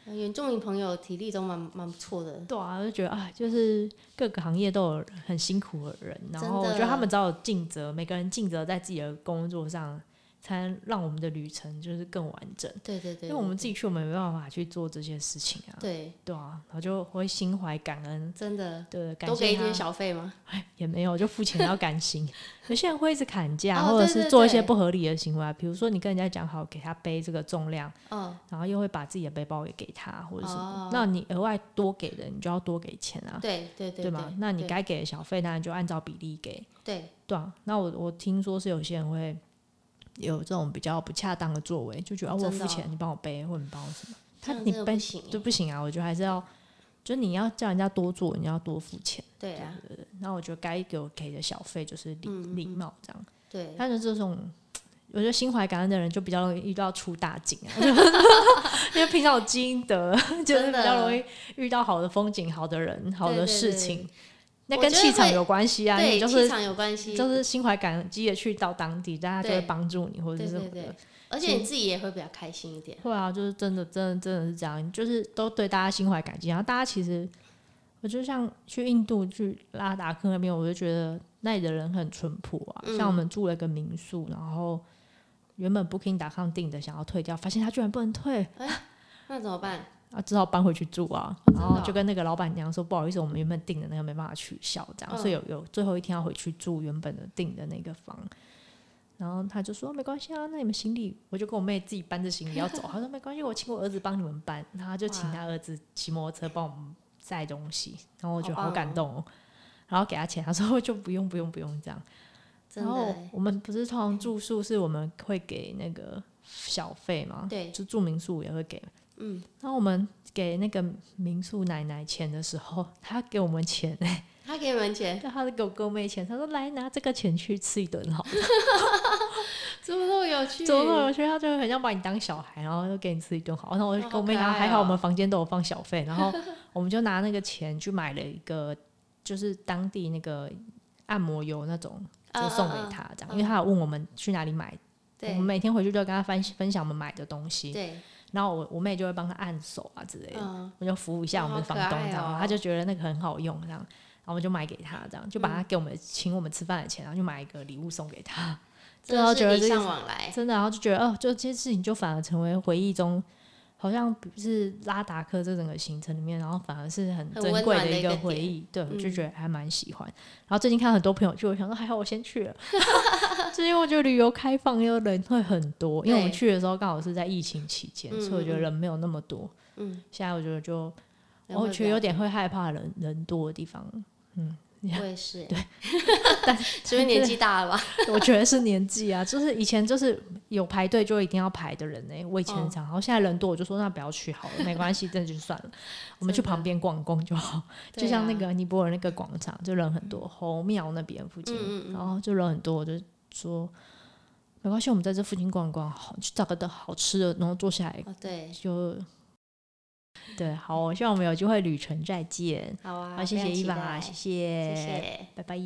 Speaker 2: 原住民朋友體力都蠻蠻不錯的。對啊，就
Speaker 1: 覺得啊、哎，就是各個行業都有很辛苦的人，然後我覺得他們都有盡責，每個人盡責在自己的工作上。才能讓我們的旅程就是更完整，對對對，因為我們自己去，我們沒辦法去做這些事情啊，對對啊，然後就會心懷感恩，真的，對，對，感謝他多給一些小費嗎？哎，也沒有，就付錢要感心。有 些人會一直砍價，哦，或者是做一些不合理的行為，哦，對對對，比如說你跟人家講好給他背這個重量，嗯，哦，然後又會把自己的背包也給他或者什麼，哦哦哦，那你額外多給的，你就要多給錢啊，對對對，
Speaker 2: 對，對嗎？那你該給
Speaker 1: 的小費當然就按照比例給，對對，啊，那我我聽說是有些人會。有這種比較不恰當的作為，就覺得我付錢你幫我背，或、嗯、者你幫我什麼、哦？他你背就不行啊、嗯！我覺得還是要，就你要叫人家多做，你要多付錢。對、啊、對對。那我覺得該給我給的小費就是禮禮、嗯、貌這樣。對，但是這種我覺得心懷感恩的人就比較容易遇到出大景、啊， 因為平常有積陰德， 就是比較容易遇到好的風景、好的人、好的事情。對對對對。那跟氣場有關係啊。對、就是，對，就是氣場有關係，就是心懷感激的去到當地，大家就會幫助你，或者是什麼的對
Speaker 2: 對對，而且你自己也會比較開心一點。
Speaker 1: 會啊，就是真的，真的真的是這樣，就是都對大家心懷感激。然後大家其實，我就像去印度去拉達克那邊，我就覺得那裡的人很淳樸啊。嗯、像我們住了一個民宿，然後原本 booking.com 訂的，想要退掉，發現他居然不能退，欸，那怎麼辦？啊，只好搬回去住啊、哦，然後就跟那個老闆娘說、哦，不好意思，我們原本訂的那個沒辦法取消，這樣、嗯，所以有有最後一天要回去住原本的訂的那個房。然後他就說沒關係啊，那你們行李，我就跟我妹自己搬着行李要走。他 說沒關係，我請我兒子幫你們搬，然後就請他兒子騎摩托車幫我們載東西。然後我就好感動哦，好哦，然後給他錢，他說就不用不用不用這樣。
Speaker 2: 然後
Speaker 1: 我們不是通常住宿是我們會給那個小費嗎？就住民宿也會給。嗯，那我們給那個民宿奶奶錢的時候，她給我們錢、欸，她給我們錢，然後她給我跟我妹錢。她說：“來拿這個錢去吃一頓好。 ”怎麼有趣，怎麼有趣，他就很像把你當小孩，然後又給你吃一頓好。然後我跟我妹他、哦啊、還好，我們房間都有放小費，然後我們就拿那個錢去買了一個，就是當地那個按摩油那種，就是、送給他，這樣啊啊啊啊啊。因為他有問我們去哪裡買，哦、我們每天回去都跟他分分享我們買的東西。對。然後我我妹就會幫她按手啊之類的，我就服務一下我們房東，然後她就覺得那個很好用，這樣，然後我就買給她，這樣就把她給我們請我們吃飯的錢，然後就買一個禮物送給她真的覺得真的，然後就覺得哦，就這些事情就反而成為回憶中。好像是拉達克這整個行程裡面，然後反而是很珍貴的一個回憶，對，我就覺得還蠻喜歡、嗯。然後最近看很多朋友去，我想說還好我先去了，是因 為我覺得旅遊開放又人會很多。因為我們去的時候剛好是在疫情期間，所以我覺得人沒有那麼多。嗯，現在我覺得就，會喔，我覺得有點會害怕人人多的地方，嗯。
Speaker 2: 我也是，對， 但只是 年紀大了吧？ 我覺
Speaker 1: 得是年紀啊，就是以前就是有排隊就一定要排的人呢、欸。我以前這樣、哦，然後現在人多，我就說那不要去好了， 沒關係，真的就算了，我們去旁邊逛逛就好。就像那個尼泊爾那個廣場，就人很多，好、啊，猴廟那邊附近嗯嗯嗯，然後就人很多，我就說沒關係，我們在這附近逛逛，好去找個的好吃的，然後坐下來、哦，對，就。對，好，我希望我們有機會旅程再見。好啊，好、啊，謝謝 Eva，謝謝，拜拜。